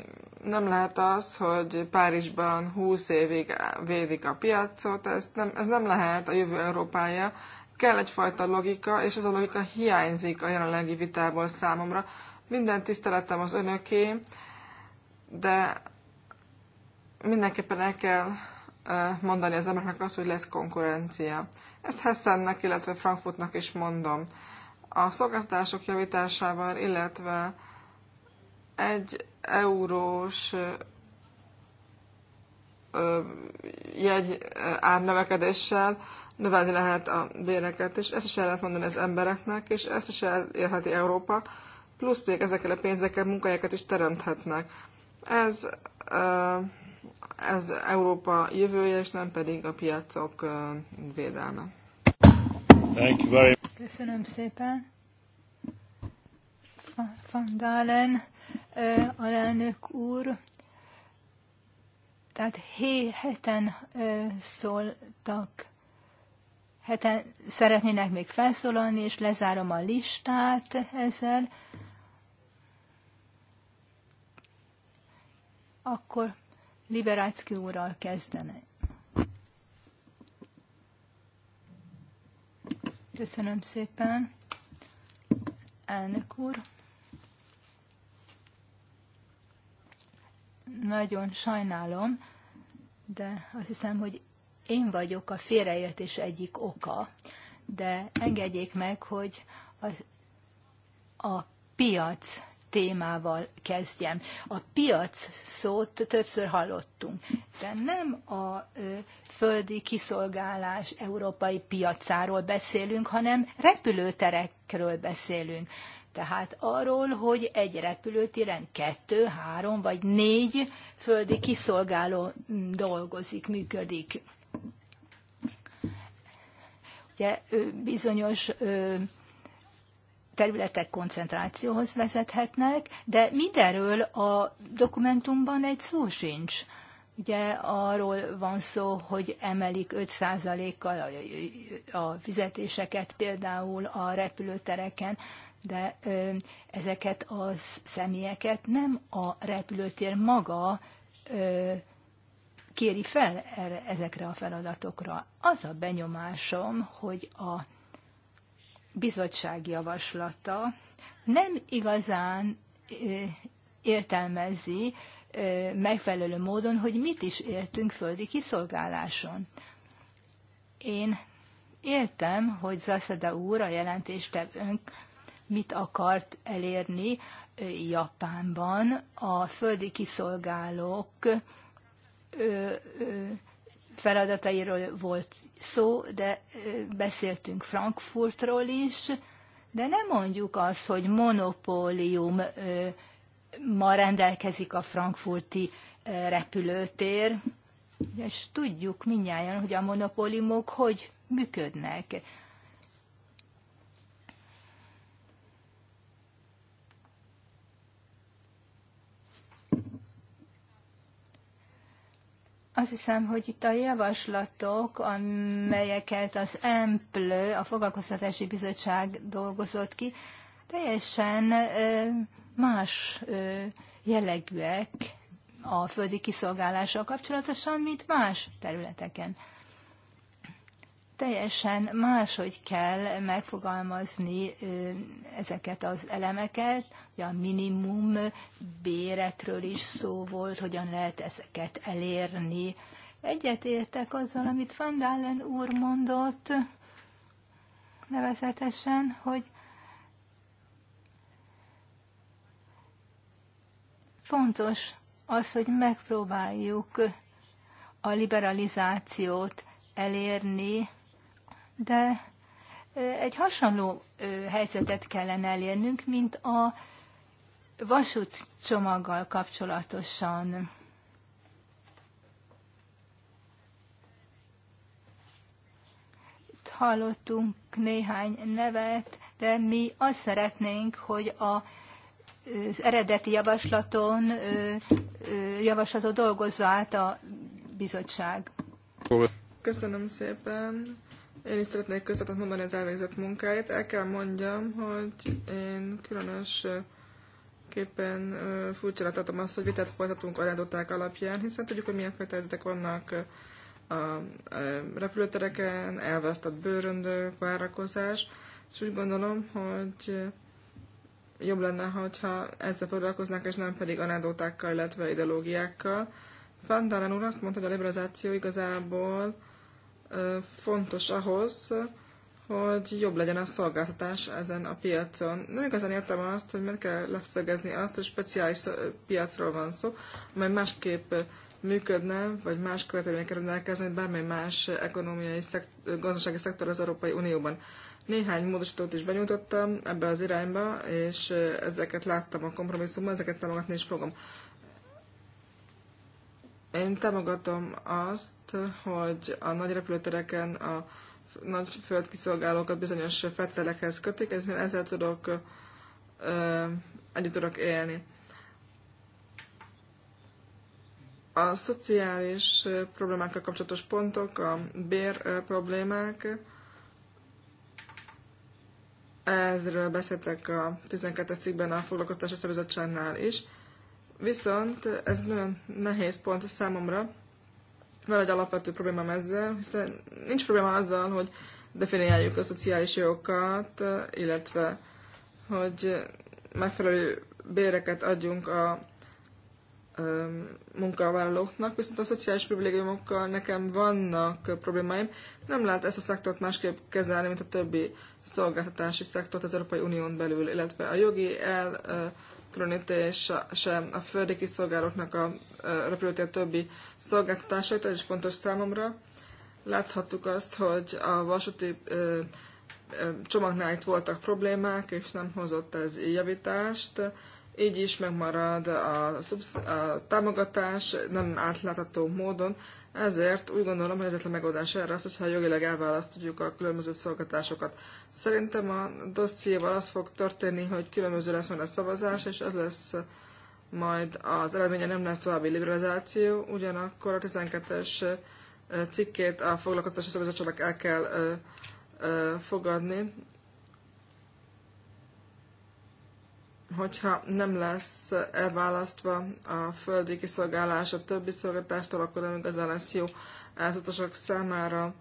nem lehet az, hogy Párizsban 20 évig védik a piacot, ez nem, ez nem lehet a jövő Európája, kell egyfajta logika, és ez a logika hiányzik a jelenlegi vitából számomra. Minden tiszteletem az önöké, de mindenképpen el kell mondani az embereknek azt, hogy lesz konkurencia. Ezt Hessennek, illetve Frankfurtnak is mondom. A szolgáltatások javításával, illetve egy eurós jegy árnövekedéssel növelni lehet a béreket, és ezt is el lehet mondani az embereknek, és ezt is elérheti Európa, plusz még ezekkel a pénzekkel munkahelyeket is teremthetnek. Ez, ez Európa jövője, és nem pedig a piacok védelme. Thank you very Köszönöm szépen. Van Dalen, alelnök úr, tehát hé, heten szóltak heten szeretnének még felszólalni, és lezárom a listát ezzel. Akkor Liberácki úrral kezdene. Köszönöm szépen, elnök úr. Nagyon sajnálom, de azt hiszem, hogy én vagyok a félreértés egyik oka, de engedjék meg, hogy a, a piac témával kezdjem. A piac szót többször hallottunk, de nem a ö, földi kiszolgálás európai piacáról beszélünk, hanem repülőterekről beszélünk. Tehát arról, hogy egy repülőtéren kettő, három vagy négy földi kiszolgáló dolgozik, működik ugye bizonyos területek koncentrációhoz vezethetnek, de mindenről a dokumentumban egy szó sincs. Ugye arról van szó, hogy emelik 5%-kal a fizetéseket például a repülőtereken, de ö, ezeket a személyeket nem a repülőtér maga ö, kéri fel erre, ezekre a feladatokra. Az a benyomásom, hogy a bizottság javaslata nem igazán értelmezi megfelelő módon, hogy mit is értünk földi kiszolgáláson. Én értem, hogy Zaszeda úr, a jelentéstevőnk mit akart elérni Japánban a földi kiszolgálók feladatairól volt szó, de beszéltünk Frankfurtról is, de nem mondjuk azt, hogy monopólium ma rendelkezik a frankfurti repülőtér, és tudjuk mindnyáján, hogy a monopóliumok hogy működnek. Azt hiszem, hogy itt a javaslatok, amelyeket az EMPLÖ, a Foglalkoztatási Bizottság dolgozott ki, teljesen más jellegűek a földi kiszolgálással kapcsolatosan, mint más területeken teljesen máshogy kell megfogalmazni ezeket az elemeket, hogy a minimum bérekről is szó volt, hogyan lehet ezeket elérni. Egyetértek azzal, amit Van Dalen úr mondott, nevezetesen, hogy fontos az, hogy megpróbáljuk a liberalizációt elérni de egy hasonló helyzetet kellene elérnünk, mint a vasút csomaggal kapcsolatosan. Itt hallottunk néhány nevet, de mi azt szeretnénk, hogy a az eredeti javaslaton javaslatot dolgozza át a bizottság. Köszönöm szépen. Én is szeretnék köszönetet mondani az elvégzett munkáját. El kell mondjam, hogy én különös képpen furcsa tartom azt, hogy vitát folytatunk arándoták alapján, hiszen tudjuk, hogy milyen fajta vannak a repülőtereken, elvesztett bőröndök, várakozás, és úgy gondolom, hogy jobb lenne, hogyha ezzel foglalkoznánk, és nem pedig anedótákkal, illetve ideológiákkal. Van úr azt mondta, hogy a liberalizáció igazából fontos ahhoz, hogy jobb legyen a szolgáltatás ezen a piacon. Nem igazán értem azt, hogy meg kell leszögezni azt, hogy speciális piacról van szó, amely másképp működne, vagy más követelményekkel rendelkezne, mint bármely más ekonomiai, szekt- gazdasági szektor az Európai Unióban. Néhány módosítót is benyújtottam ebbe az irányba, és ezeket láttam a kompromisszumban, ezeket támogatni is fogom. Én támogatom azt, hogy a nagy repülőtereken a nagy földkiszolgálókat bizonyos feltételekhez kötik, ezért ezzel tudok, együtt tudok élni. A szociális problémákkal kapcsolatos pontok, a bér problémák, ezről beszéltek a 12-es cikkben a foglalkoztási szabizottságnál is, Viszont ez nagyon nehéz pont a számomra. Van egy alapvető problémám ezzel, hiszen nincs probléma azzal, hogy definiáljuk a szociális jogokat, illetve hogy megfelelő béreket adjunk a munkavállalóknak, viszont a szociális privilégiumokkal nekem vannak problémáim. Nem lehet ezt a szektort másképp kezelni, mint a többi szolgáltatási szektort az Európai Unión belül, illetve a jogi el és a földi kiszolgálóknak a repülőtér többi szolgáltatásait, ez is fontos számomra. Láthattuk azt, hogy a vasúti csomagnál itt voltak problémák, és nem hozott ez javítást. Így is megmarad a, a támogatás nem átlátható módon, ezért úgy gondolom, hogy egyetlen megoldás erre az, hogyha jogileg elválasztjuk a különböző szolgáltatásokat. Szerintem a dossziéval az fog történni, hogy különböző lesz majd a szavazás, és az lesz majd az eredménye nem lesz további liberalizáció, ugyanakkor a 12-es cikkét a foglalkoztatási szabadságcsalak el kell ö, ö, fogadni, hogyha nem lesz elválasztva a földi kiszolgálás a többi szolgáltástól, akkor nem igazán lesz jó az utasok számára,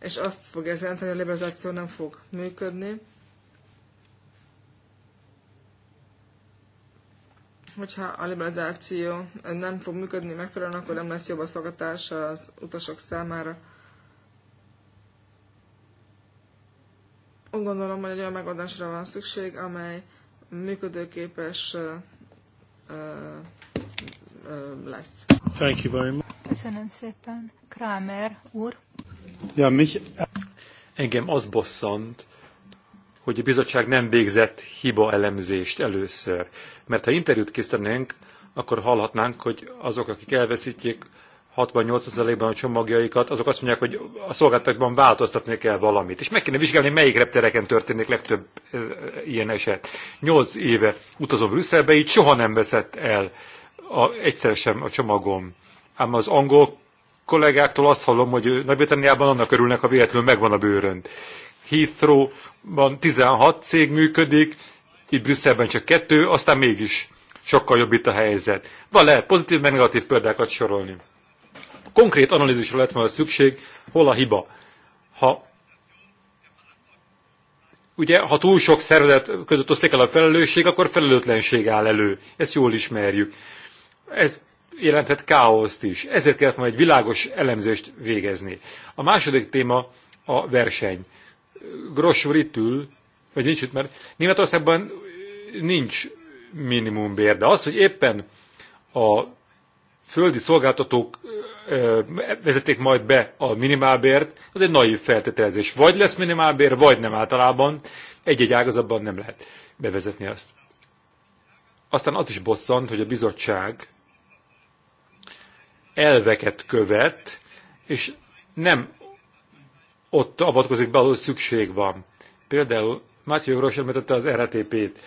és azt fog ez jelenteni, hogy a liberalizáció nem fog működni. Hogyha a liberalizáció nem fog működni megfelelően, akkor nem lesz jobb a szolgatás az utasok számára. Úgy gondolom, hogy egy olyan megoldásra van szükség, amely működőképes lesz. Thank you very much. Köszönöm szépen. Kramer úr. Ja, mich... Engem az bosszant, hogy a bizottság nem végzett hiba elemzést először. Mert ha interjút készítenénk, akkor hallhatnánk, hogy azok, akik elveszítjék 68%-ban a csomagjaikat, azok azt mondják, hogy a szolgáltatásban változtatni kell valamit. És meg kéne vizsgálni, melyik reptereken történik legtöbb ilyen eset. Nyolc éve utazom Brüsszelbe, így soha nem veszett el a, egyszer sem a csomagom. Ám az angol kollégáktól azt hallom, hogy Nagy-Britanniában annak örülnek, ha véletlenül megvan a bőrönt. Heathrow-ban 16 cég működik, itt Brüsszelben csak kettő, aztán mégis sokkal jobb itt a helyzet. Van lehet pozitív, meg negatív példákat sorolni konkrét analízisra lett volna szükség, hol a hiba. Ha Ugye, ha túl sok szervezet között osztik el a felelősség, akkor felelőtlenség áll elő. Ezt jól ismerjük. Ez jelenthet káoszt is. Ezért kellett majd egy világos elemzést végezni. A második téma a verseny. Gross úr itt ül, vagy nincs itt, mert Németországban nincs minimumbér, de az, hogy éppen a földi szolgáltatók vezeték majd be a minimálbért, az egy naiv feltételezés. Vagy lesz minimálbér, vagy nem általában. Egy-egy ágazatban nem lehet bevezetni azt. Aztán az is bosszant, hogy a bizottság elveket követ, és nem ott avatkozik be, ahol szükség van. Például Mátyó Jogoros említette az RTP-t.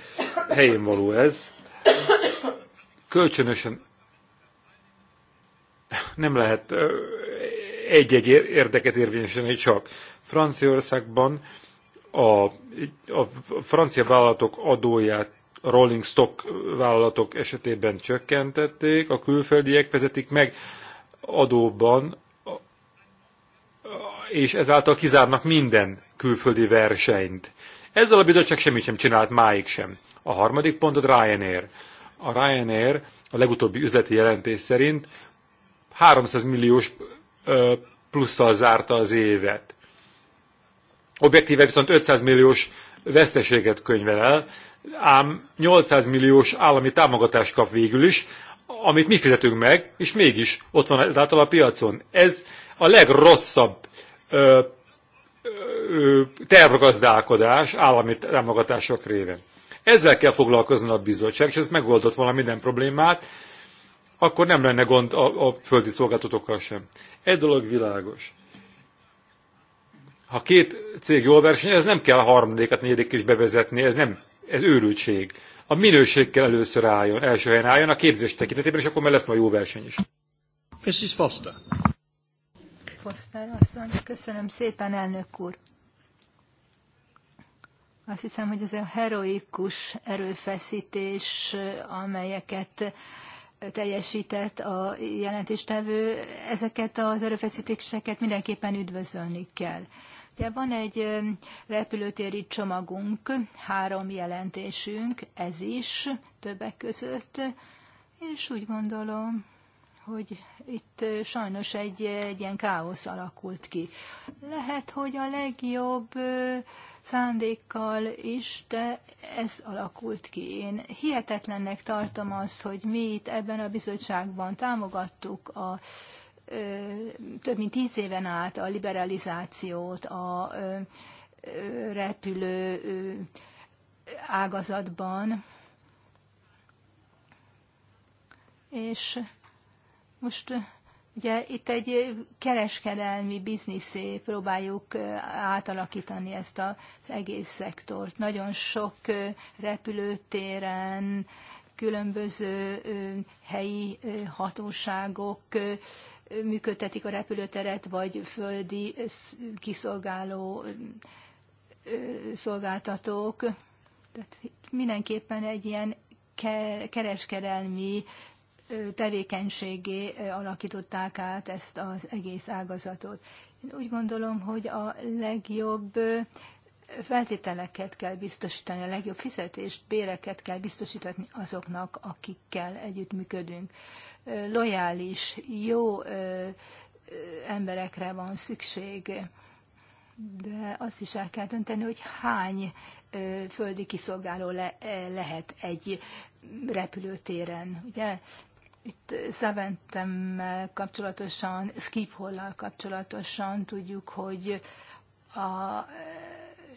Helyén való ez. Kölcsönösen nem lehet egy-egy érdeket érvényesíteni csak. Franciaországban a, a francia vállalatok adóját a rolling stock vállalatok esetében csökkentették, a külföldiek vezetik meg adóban, és ezáltal kizárnak minden külföldi versenyt. Ezzel a bizottság semmit sem csinált, máig sem. A harmadik pont a Ryanair. A Ryanair a legutóbbi üzleti jelentés szerint 300 milliós plusszal zárta az évet. Objektíve viszont 500 milliós veszteséget könyvel el, ám 800 milliós állami támogatást kap végül is, amit mi fizetünk meg, és mégis ott van ezáltal a piacon. Ez a legrosszabb ö, ö, tervgazdálkodás állami támogatások révén. Ezzel kell foglalkozni a bizottság, és ez megoldott volna minden problémát, akkor nem lenne gond a, a földi szolgáltatókkal sem. Egy dolog világos. Ha két cég jól versenyez, ez nem kell a harmadikat, negyedik is bevezetni, ez nem, ez őrültség. A minőség kell először álljon, első helyen álljon a képzés tekintetében, és akkor már lesz majd jó verseny is. Mrs. Foster. Foster asszony, köszönöm szépen, elnök úr. Azt hiszem, hogy ez a heroikus erőfeszítés, amelyeket teljesített a jelentéstevő, ezeket az erőfeszítéseket mindenképpen üdvözölni kell. Ugye van egy repülőtéri csomagunk, három jelentésünk, ez is többek között, és úgy gondolom, hogy itt sajnos egy, egy ilyen káosz alakult ki. Lehet, hogy a legjobb szándékkal is, de ez alakult ki. Én hihetetlennek tartom azt, hogy mi itt ebben a bizottságban támogattuk a ö, több mint tíz éven át a liberalizációt, a ö, ö, repülő ö, ágazatban, és most Ugye itt egy kereskedelmi bizniszé próbáljuk átalakítani ezt az egész szektort. Nagyon sok repülőtéren, különböző helyi hatóságok működtetik a repülőteret, vagy földi kiszolgáló szolgáltatók. Tehát mindenképpen egy ilyen kereskedelmi tevékenységé alakították át ezt az egész ágazatot. Én úgy gondolom, hogy a legjobb feltételeket kell biztosítani, a legjobb fizetést, béreket kell biztosítani azoknak, akikkel együttműködünk. Lojális, jó emberekre van szükség, de azt is el kell dönteni, hogy hány földi kiszolgáló le- lehet egy repülőtéren. Ugye itt Zaventem kapcsolatosan, Skiphollal kapcsolatosan tudjuk, hogy a e,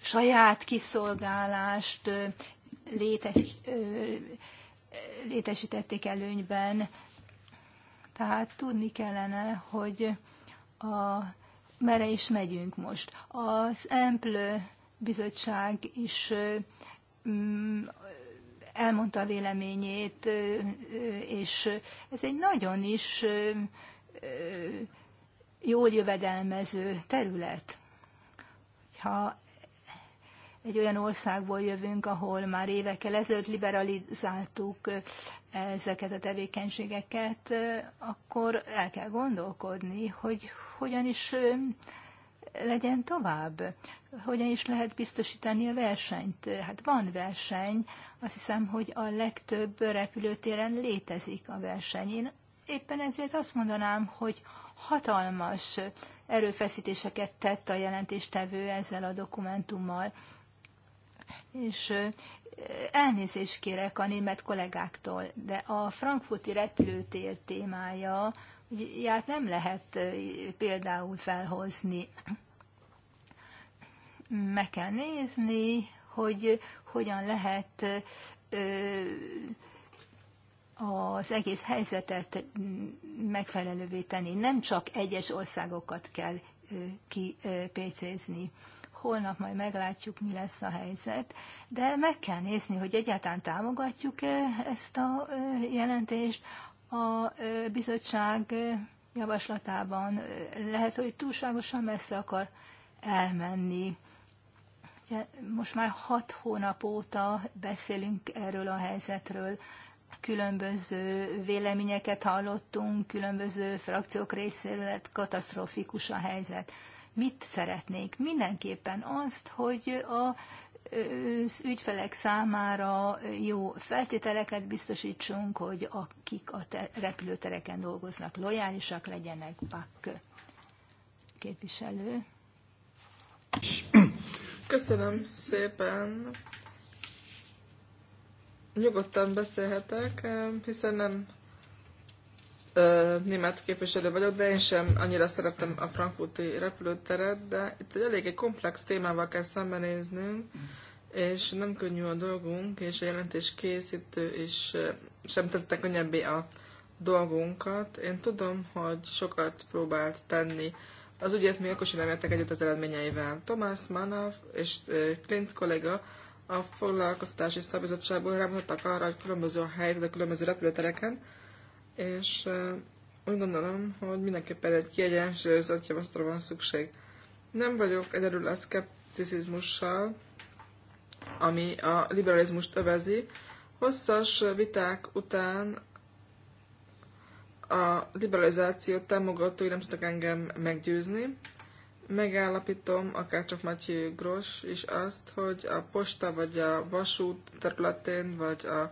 saját kiszolgálást e, létes, e, létesítették előnyben. Tehát tudni kellene, hogy a, merre is megyünk most. Az Emplő bizottság is mm, elmondta a véleményét, és ez egy nagyon is jól jövedelmező terület. Ha egy olyan országból jövünk, ahol már évekkel ezelőtt liberalizáltuk ezeket a tevékenységeket, akkor el kell gondolkodni, hogy hogyan is legyen tovább hogyan is lehet biztosítani a versenyt? Hát van verseny, azt hiszem, hogy a legtöbb repülőtéren létezik a verseny. Én éppen ezért azt mondanám, hogy hatalmas erőfeszítéseket tett a jelentéstevő ezzel a dokumentummal. És elnézést kérek a német kollégáktól, de a frankfurti repülőtér témája, ját nem lehet például felhozni meg kell nézni, hogy hogyan lehet az egész helyzetet megfelelővé tenni. Nem csak egyes országokat kell kipécézni. Holnap majd meglátjuk, mi lesz a helyzet, de meg kell nézni, hogy egyáltalán támogatjuk-e ezt a jelentést. A bizottság javaslatában lehet, hogy túlságosan messze akar elmenni most már hat hónap óta beszélünk erről a helyzetről, különböző véleményeket hallottunk, különböző frakciók részéről, hát katasztrofikus a helyzet. Mit szeretnék? Mindenképpen azt, hogy a az ügyfelek számára jó feltételeket biztosítsunk, hogy akik a repülőtereken dolgoznak, lojálisak legyenek, PAK képviselő. *clears throat* Köszönöm szépen. Nyugodtan beszélhetek, hiszen nem ö, német képviselő vagyok, de én sem annyira szerettem a frankfurti repülőteret, de itt egy eléggé komplex témával kell szembenéznünk, és nem könnyű a dolgunk, és a jelentés készítő is sem tette könnyebbé a dolgunkat. Én tudom, hogy sokat próbált tenni az ügyet mi akkor sem értek együtt az eredményeivel. Tomás Manav és Klinc kollega a foglalkoztatási szabizottságból rámutattak arra, hogy különböző a helyzet a különböző repülőtereken, és úgy gondolom, hogy mindenképpen egy kiegyensúlyozott javaslatra van szükség. Nem vagyok egyedül a szkepticizmussal, ami a liberalizmust övezi. Hosszas viták után a liberalizációt támogatói nem tudtak engem meggyőzni. Megállapítom, akár csak Matyi Gros is azt, hogy a posta vagy a vasút területén, vagy a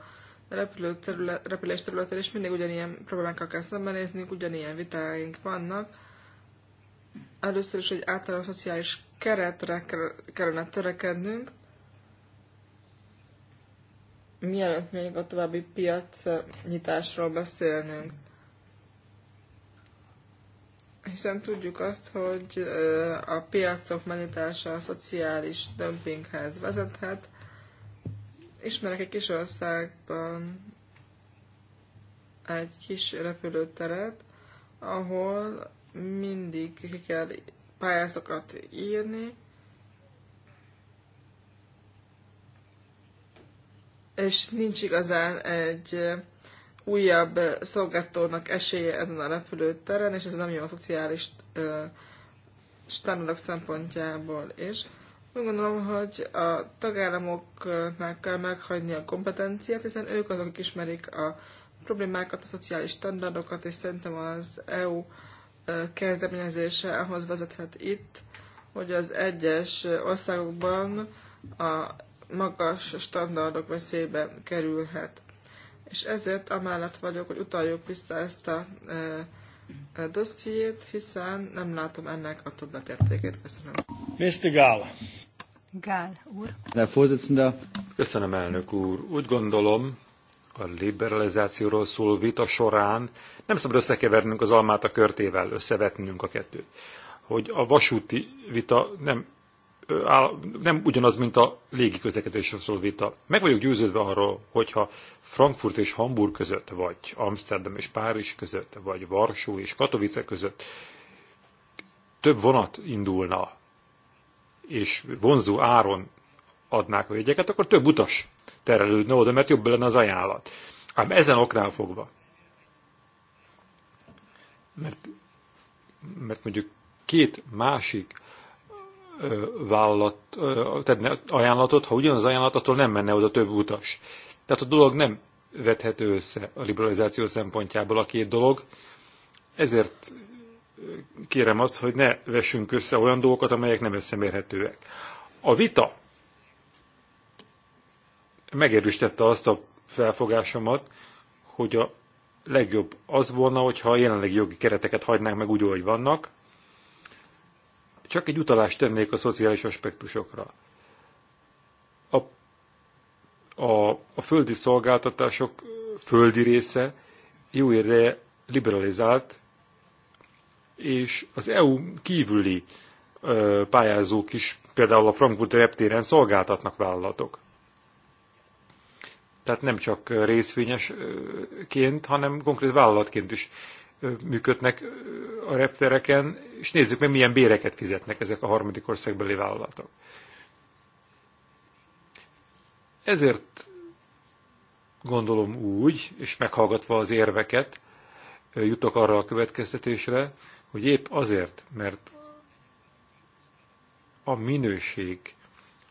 repülő terület, repülés területén is mindig ugyanilyen problémákkal kell szembenézni, ugyanilyen vitáink vannak. Először is egy általános szociális keretre kellene törekednünk, mielőtt még a további piac nyitásról beszélnünk hiszen tudjuk azt, hogy a piacok megnyitása a szociális dömpinghez vezethet. Ismerek egy kis országban egy kis repülőteret, ahol mindig ki kell pályázatokat írni, és nincs igazán egy újabb szolgáltatónak esélye ezen a repülőteren, és ez nem jó a szociális standardok szempontjából is. Úgy gondolom, hogy a tagállamoknak kell meghagyni a kompetenciát, hiszen ők azok, akik ismerik a problémákat, a szociális standardokat, és szerintem az EU kezdeményezése ahhoz vezethet itt, hogy az egyes országokban a magas standardok veszélybe kerülhet és ezért amellett vagyok, hogy utaljuk vissza ezt a dossziét, hiszen nem látom ennek a többletértékét. Köszönöm. Mr. Gál. Gál úr. Köszönöm, elnök úr. Úgy gondolom, a liberalizációról szóló vita során nem szabad összekevernünk az almát a körtével, összevetnünk a kettőt. Hogy a vasúti vita nem nem ugyanaz, mint a légi közlekedésre szól vita. Meg vagyok győződve arról, hogyha Frankfurt és Hamburg között, vagy Amsterdam és Párizs között, vagy Varsó és Katowice között több vonat indulna, és vonzó áron adnák a jegyeket, akkor több utas terelődne oda, mert jobb lenne az ajánlat. Ám ezen oknál fogva. Mert, mert mondjuk két másik vállalat tehát ajánlatot, ha ugyanaz ajánlat, attól nem menne oda több utas. Tehát a dolog nem vethető össze a liberalizáció szempontjából a két dolog. Ezért kérem azt, hogy ne vessünk össze olyan dolgokat, amelyek nem összemérhetőek. A vita megerősítette azt a felfogásomat, hogy a legjobb az volna, hogyha a jelenlegi jogi kereteket hagynánk meg úgy, ahogy vannak, csak egy utalást tennék a szociális aspektusokra. A, a, a földi szolgáltatások földi része jó érde liberalizált, és az EU kívüli ö, pályázók is, például a Frankfurt reptéren szolgáltatnak vállalatok. Tehát nem csak részvényesként, hanem konkrét vállalatként is működnek a reptereken, és nézzük meg, milyen béreket fizetnek ezek a harmadik országbeli vállalatok. Ezért gondolom úgy, és meghallgatva az érveket, jutok arra a következtetésre, hogy épp azért, mert a minőség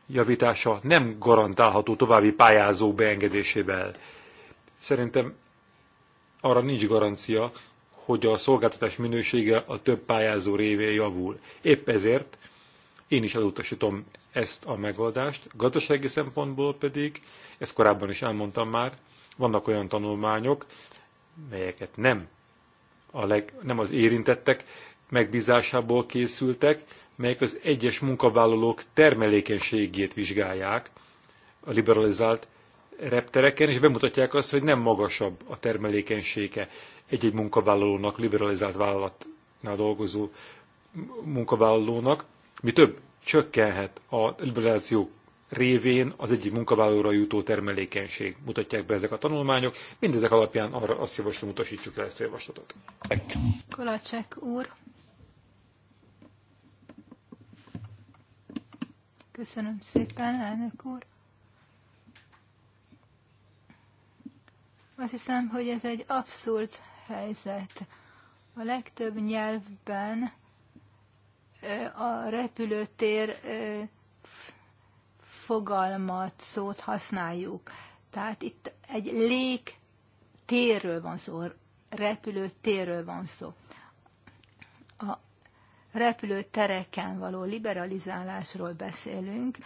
javítása nem garantálható további pályázó beengedésével. Szerintem arra nincs garancia, hogy a szolgáltatás minősége a több pályázó révén javul. Épp ezért én is elutasítom ezt a megoldást. Gazdasági szempontból pedig, ezt korábban is elmondtam már, vannak olyan tanulmányok, melyeket nem, a leg, nem az érintettek megbízásából készültek, melyek az egyes munkavállalók termelékenységét vizsgálják a liberalizált reptereken, és bemutatják azt, hogy nem magasabb a termelékenysége egy-egy munkavállalónak, liberalizált vállalatnál dolgozó munkavállalónak. Mi több, csökkenhet a liberalizáció révén az egyik munkavállalóra jutó termelékenység. Mutatják be ezek a tanulmányok. Mindezek alapján arra azt javaslom, utasítsuk le ezt a javaslatot. Kolacsek úr. Köszönöm szépen, elnök úr. Azt hiszem, hogy ez egy abszurd helyzet. A legtöbb nyelvben a repülőtér fogalmat, szót használjuk. Tehát itt egy légtérről van szó, repülőtérről van szó. A repülőtereken való liberalizálásról beszélünk,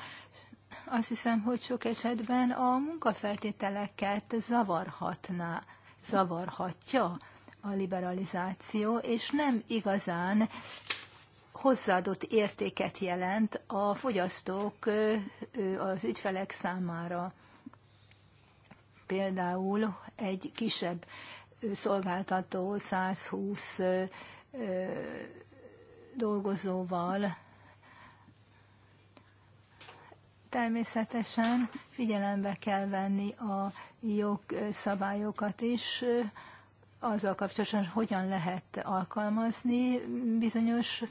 azt hiszem, hogy sok esetben a munkafeltételeket zavarhatná, zavarhatja a liberalizáció, és nem igazán hozzáadott értéket jelent a fogyasztók az ügyfelek számára. Például egy kisebb szolgáltató 120 dolgozóval Természetesen figyelembe kell venni a jogszabályokat is, azzal kapcsolatosan, hogyan lehet alkalmazni bizonyos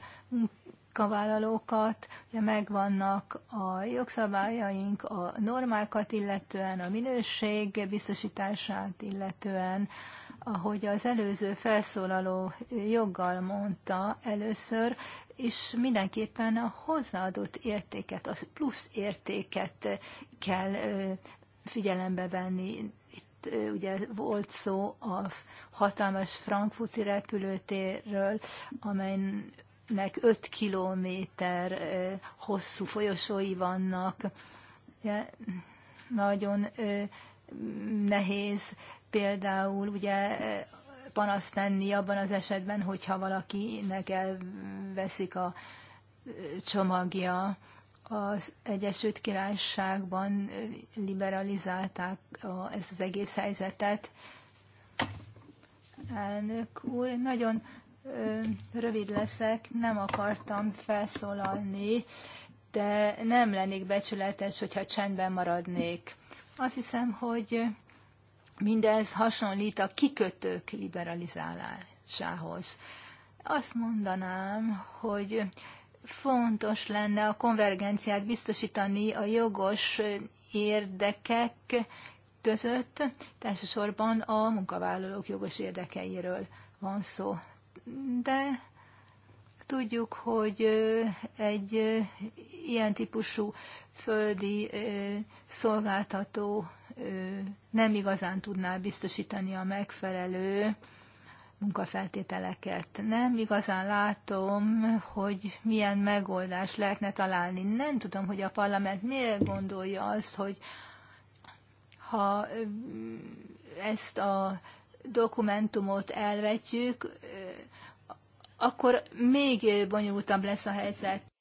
kavállalókat, ugye megvannak a jogszabályaink, a normákat illetően, a minőség biztosítását illetően, ahogy az előző felszólaló joggal mondta először, és mindenképpen a hozzáadott értéket, a plusz értéket kell figyelembe venni. Itt ugye volt szó a hatalmas frankfurti repülőtérről, amelynek 5 kilométer hosszú folyosói vannak. ja Nagyon nehéz például ugye eh, panaszt tenni abban az esetben, hogyha valakinek elveszik a eh, csomagja. Az Egyesült Királyságban eh, liberalizálták a, ezt az egész helyzetet. Elnök úr, nagyon ö, rövid leszek, nem akartam felszólalni, de nem lennék becsületes, hogyha csendben maradnék. Azt hiszem, hogy Mindez hasonlít a kikötők liberalizálásához. Azt mondanám, hogy fontos lenne a konvergenciát biztosítani a jogos érdekek között, elsősorban a munkavállalók jogos érdekeiről van szó. De tudjuk, hogy egy ilyen típusú földi szolgáltató nem igazán tudná biztosítani a megfelelő munkafeltételeket. Nem igazán látom, hogy milyen megoldást lehetne találni. Nem tudom, hogy a parlament miért gondolja azt, hogy ha ezt a dokumentumot elvetjük, akkor még bonyolultabb lesz a helyzet.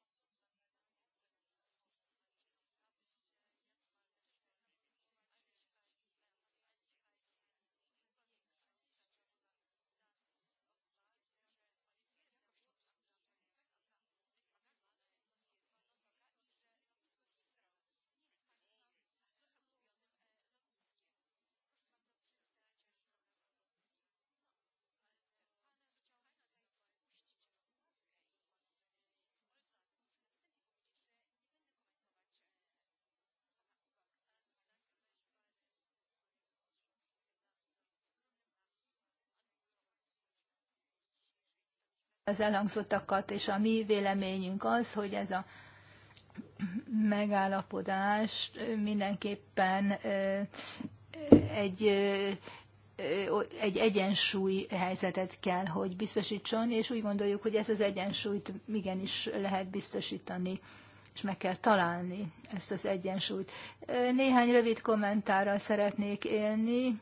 az elhangzottakat, és a mi véleményünk az, hogy ez a megállapodás mindenképpen egy, egy egyensúly helyzetet kell, hogy biztosítson, és úgy gondoljuk, hogy ez az egyensúlyt igenis lehet biztosítani és meg kell találni ezt az egyensúlyt. Néhány rövid kommentárral szeretnék élni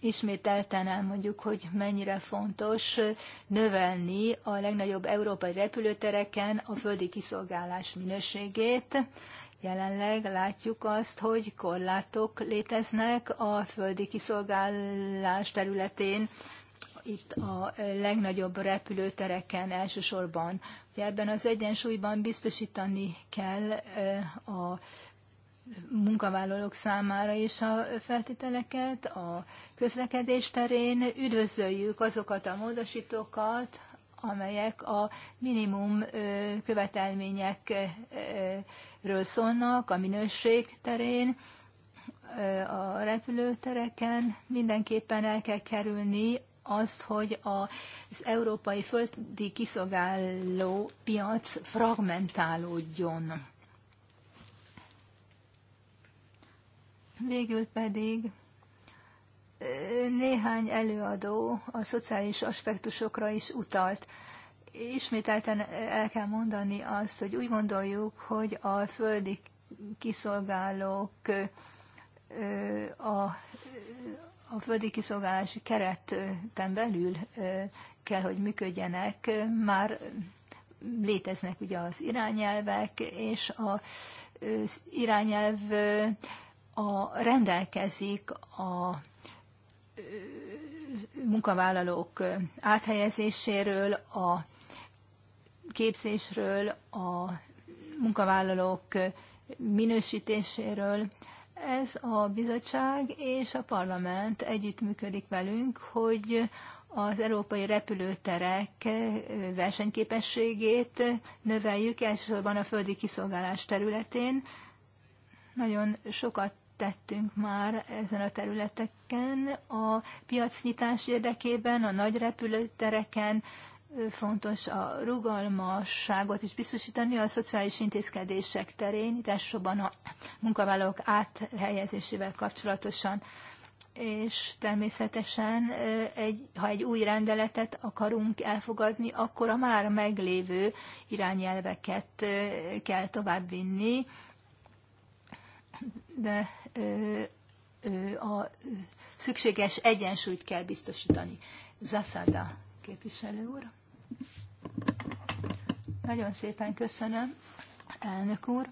ismételten elmondjuk, hogy mennyire fontos növelni a legnagyobb európai repülőtereken a földi kiszolgálás minőségét. Jelenleg látjuk azt, hogy korlátok léteznek a földi kiszolgálás területén, itt a legnagyobb repülőtereken elsősorban. Ugye ebben az egyensúlyban biztosítani kell a munkavállalók számára is a feltételeket a közlekedés terén. Üdvözöljük azokat a módosítókat, amelyek a minimum követelményekről szólnak a minőség terén, a repülőtereken. Mindenképpen el kell kerülni azt, hogy az európai földi kiszolgáló piac fragmentálódjon Végül pedig néhány előadó a szociális aspektusokra is utalt. Ismételten el kell mondani azt, hogy úgy gondoljuk, hogy a földi kiszolgálók a, a földi kiszolgálási kereten belül kell, hogy működjenek. Már léteznek ugye az irányelvek, és az irányelv a, rendelkezik a munkavállalók áthelyezéséről, a képzésről, a munkavállalók minősítéséről. Ez a bizottság és a parlament együttműködik velünk, hogy az európai repülőterek versenyképességét növeljük, elsősorban a földi kiszolgálás területén. Nagyon sokat tettünk már ezen a területeken. A piacnyitás érdekében, a nagy repülőtereken fontos a rugalmasságot is biztosítani a szociális intézkedések terén, elsősorban a munkavállalók áthelyezésével kapcsolatosan. És természetesen, egy, ha egy új rendeletet akarunk elfogadni, akkor a már meglévő irányelveket kell továbbvinni, de a szükséges egyensúlyt kell biztosítani. Zaszada képviselő úr. Nagyon szépen köszönöm, elnök úr.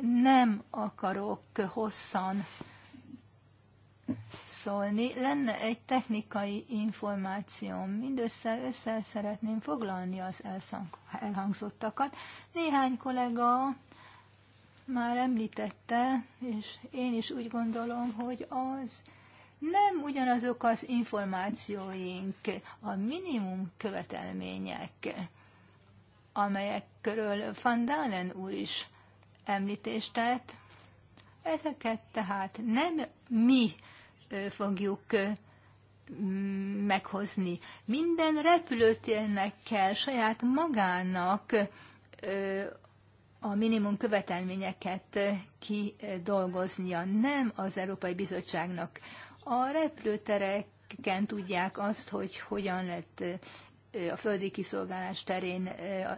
Nem akarok hosszan szólni. Lenne egy technikai információm. Mindössze össze szeretném foglalni az elhangzottakat. Néhány kollega már említette, és én is úgy gondolom, hogy az nem ugyanazok az információink, a minimum követelmények, amelyek körül Van Dalen úr is említést tett. Ezeket tehát nem mi fogjuk meghozni. Minden repülőtérnek kell saját magának a minimum követelményeket eh, kidolgoznia, nem az Európai Bizottságnak. A repülőtereken tudják azt, hogy hogyan lehet eh, a földi kiszolgálás terén eh,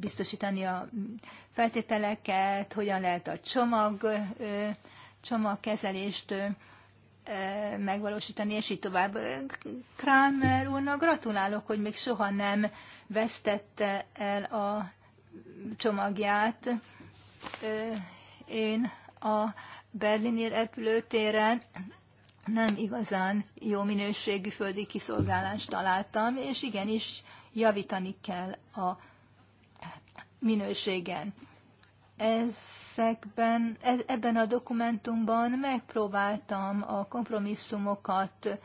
biztosítani a feltételeket, hogyan lehet a csomag, csomagkezelést megvalósítani, és így tovább. Kramer úrnak gratulálok, hogy még soha nem vesztette el a csomagját én a berlini repülőtéren nem igazán jó minőségű földi kiszolgálást találtam, és igenis javítani kell a minőségen. Ezekben, e, ebben a dokumentumban megpróbáltam a kompromisszumokat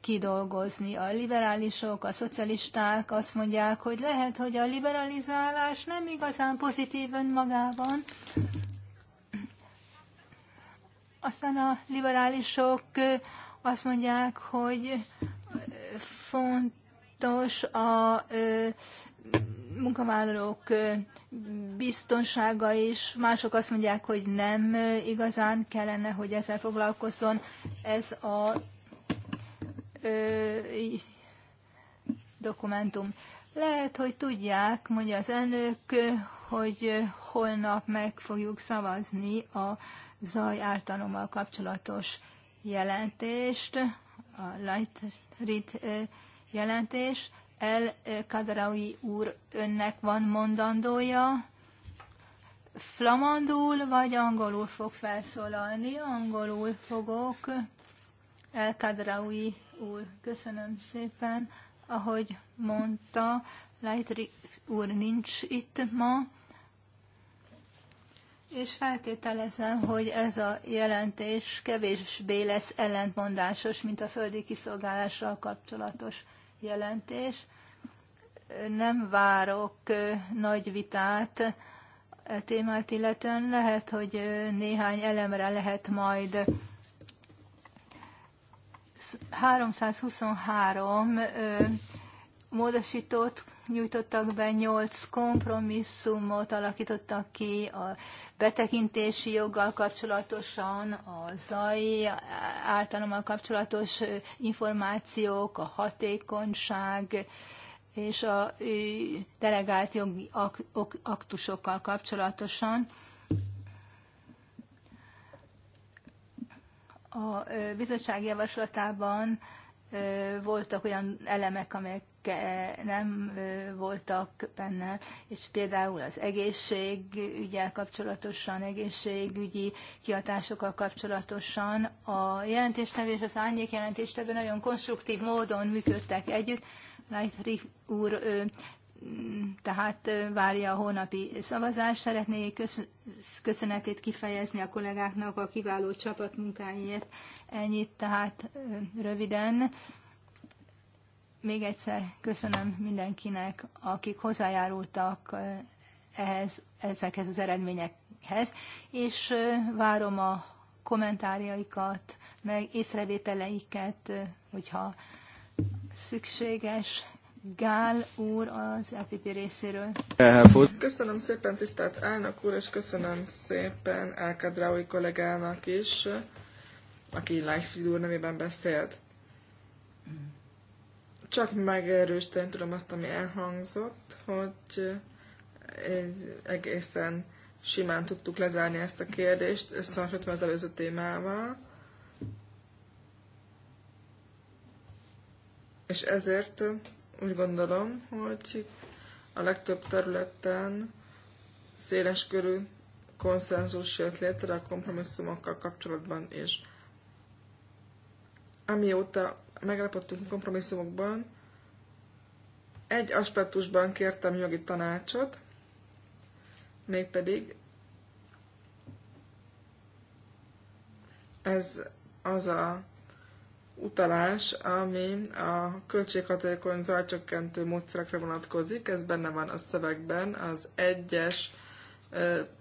kidolgozni. A liberálisok, a szocialisták azt mondják, hogy lehet, hogy a liberalizálás nem igazán pozitív önmagában. Aztán a liberálisok azt mondják, hogy fontos a munkavállalók biztonsága is. Mások azt mondják, hogy nem igazán kellene, hogy ezzel foglalkozzon. Ez a ö, dokumentum. Lehet, hogy tudják, mondja az elnök, hogy holnap meg fogjuk szavazni a zaj ártalommal kapcsolatos jelentést, a Light Read jelentés. El Kadraui úr, önnek van mondandója, flamandul vagy angolul fog felszólalni? Angolul fogok. El Kadraui úr, köszönöm szépen. Ahogy mondta, Lejtri úr nincs itt ma, és feltételezem, hogy ez a jelentés kevésbé lesz ellentmondásos, mint a földi kiszolgálással kapcsolatos jelentés. Nem várok nagy vitát e témát illetően. Lehet, hogy néhány elemre lehet majd 323 módosítót nyújtottak be, 8 kompromisszumot alakítottak ki a betekintési joggal kapcsolatosan, a zaj általommal kapcsolatos információk, a hatékonyság és a delegált jogi aktusokkal kapcsolatosan. A bizottság javaslatában voltak olyan elemek, amelyek nem voltak benne, és például az egészségügyel kapcsolatosan, egészségügyi kiadásokkal kapcsolatosan a jelentéstevő és az árnyék jelentéstevő nagyon konstruktív módon működtek együtt. Lajtri úr tehát várja a hónapi szavazást. Szeretnék köszönetét kifejezni a kollégáknak a kiváló csapatmunkáért. Ennyit tehát röviden. Még egyszer köszönöm mindenkinek, akik hozzájárultak ehhez, ezekhez az eredményekhez, és várom a kommentárjaikat, meg észrevételeiket, hogyha szükséges Gál úr az LPP e részéről. Köszönöm szépen, tisztelt elnök úr, és köszönöm szépen Elkadraui kollégának is, aki Lightfield úr nevében beszélt. Csak megerősíteni tudom azt, ami elhangzott, hogy egészen simán tudtuk lezárni ezt a kérdést, összehasonlítva az előző témával. És ezért úgy gondolom, hogy a legtöbb területen széles körű konszenzus jött létre a kompromisszumokkal kapcsolatban, és amióta meglepottunk a kompromisszumokban, egy aspektusban kértem jogi tanácsot, mégpedig ez az a utalás, ami a költséghatékony zajcsökkentő módszerekre vonatkozik, ez benne van a szövegben, az egyes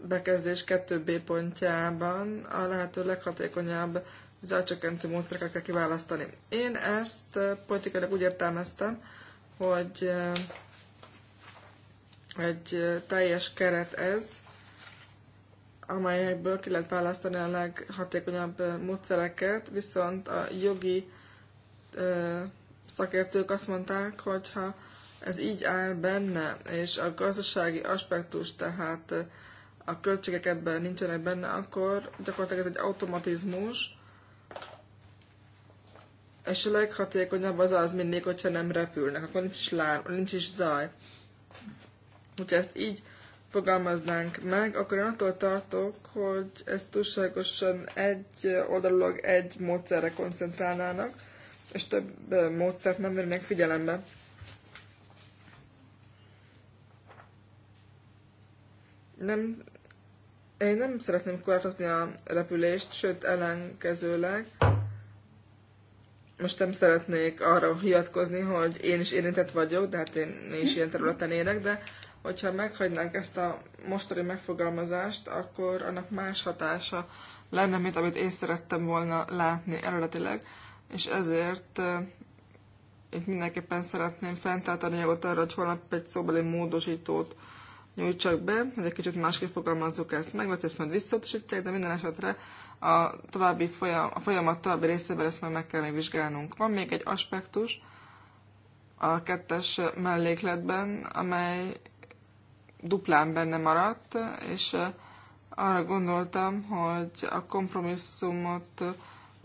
bekezdés 2b pontjában a lehető leghatékonyabb zajcsökkentő módszereket kell kiválasztani. Én ezt politikailag úgy értelmeztem, hogy egy teljes keret ez, amelyekből ki lehet választani a leghatékonyabb módszereket, viszont a jogi szakértők azt mondták, hogyha ez így áll benne, és a gazdasági aspektus, tehát a költségek ebben nincsenek benne, akkor gyakorlatilag ez egy automatizmus, és a leghatékonyabb az az mindig, hogyha nem repülnek, akkor nincs is, lár, nincs is zaj. úgyhogy ezt így fogalmaznánk meg, akkor én attól tartok, hogy ezt túlságosan egy oldalulag egy módszerre koncentrálnának, és több módszert nem vennének figyelembe. Nem, én nem szeretném korlátozni a repülést, sőt ellenkezőleg most nem szeretnék arra hivatkozni, hogy én is érintett vagyok, de hát én, én is ilyen területen érek, de hogyha meghagynánk ezt a mostani megfogalmazást, akkor annak más hatása lenne, mint amit én szerettem volna látni eredetileg, és ezért itt mindenképpen szeretném fenntartani jogot arra, hogy holnap egy szóbeli módosítót nyújtsak be, hogy egy kicsit másképp fogalmazzuk ezt meg, vagy ezt majd visszautasítják, de minden esetre a, további folyam, a folyamat további részében ezt majd meg kell még vizsgálnunk. Van még egy aspektus a kettes mellékletben, amely duplán benne maradt, és arra gondoltam, hogy a kompromisszumot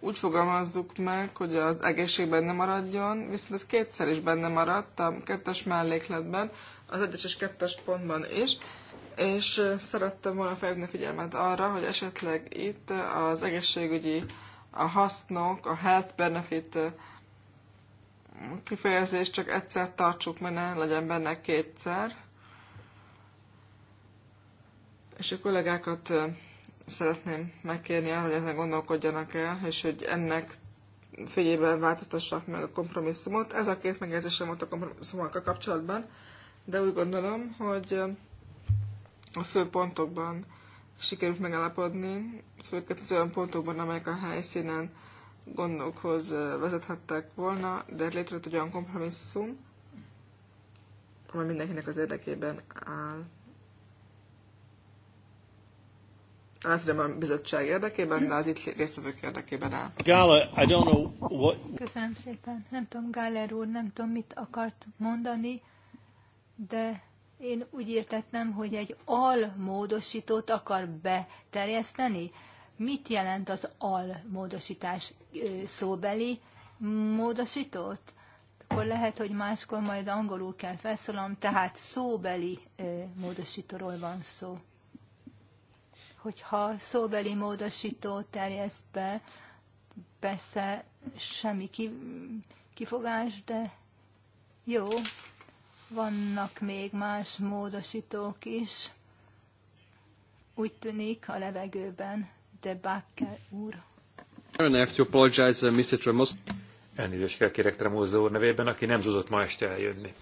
úgy fogalmazzuk meg, hogy az egészség benne maradjon, viszont ez kétszer is benne maradt a kettes mellékletben, az egyes és kettes pontban is, és szerettem volna felhívni figyelmet arra, hogy esetleg itt az egészségügyi a hasznok, a health benefit kifejezést csak egyszer tartsuk, mert ne legyen benne kétszer. És a kollégákat szeretném megkérni arra, hogy ezen gondolkodjanak el, és hogy ennek fényében változtassak meg a kompromisszumot. Ez a két megjegyzésem volt a kompromisszumokkal kapcsolatban, de úgy gondolom, hogy a fő pontokban sikerült megállapodni, főként az olyan pontokban, amelyek a helyszínen gondokhoz vezethettek volna, de létrejött egy olyan kompromisszum, amely mindenkinek az érdekében áll. Átadom a bizottság érdekében, de az itt érdekében áll. Gála, I don't know what... Köszönöm szépen. Nem tudom, Gáler úr, nem tudom, mit akart mondani, de én úgy értettem, hogy egy almódosítót akar beterjeszteni. Mit jelent az almódosítás szóbeli módosítót? Akkor lehet, hogy máskor majd angolul kell felszólalom, tehát szóbeli módosítóról van szó hogyha szóbeli módosító terjeszt be, persze semmi kifogás, de jó, vannak még más módosítók is. Úgy tűnik a levegőben, de Bakker úr. Uh, Elnézést kell kérek Tremózó úr nevében, aki nem tudott ma este eljönni.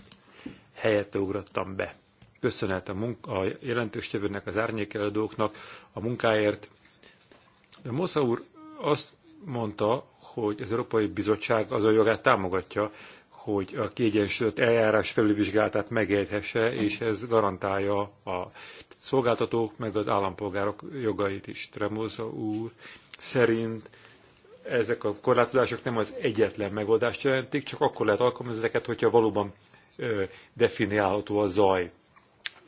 Helyette ugrottam be. Köszönet a, munka, a az árnyékeladóknak a munkáért. De Mosza úr azt mondta, hogy az Európai Bizottság az a jogát támogatja, hogy a kiegyensúlyozott eljárás felülvizsgálatát megérthesse, és ez garantálja a szolgáltatók meg az állampolgárok jogait is. Tremosa úr szerint ezek a korlátozások nem az egyetlen megoldást jelentik, csak akkor lehet alkalmazni ezeket, hogyha valóban definiálható a zaj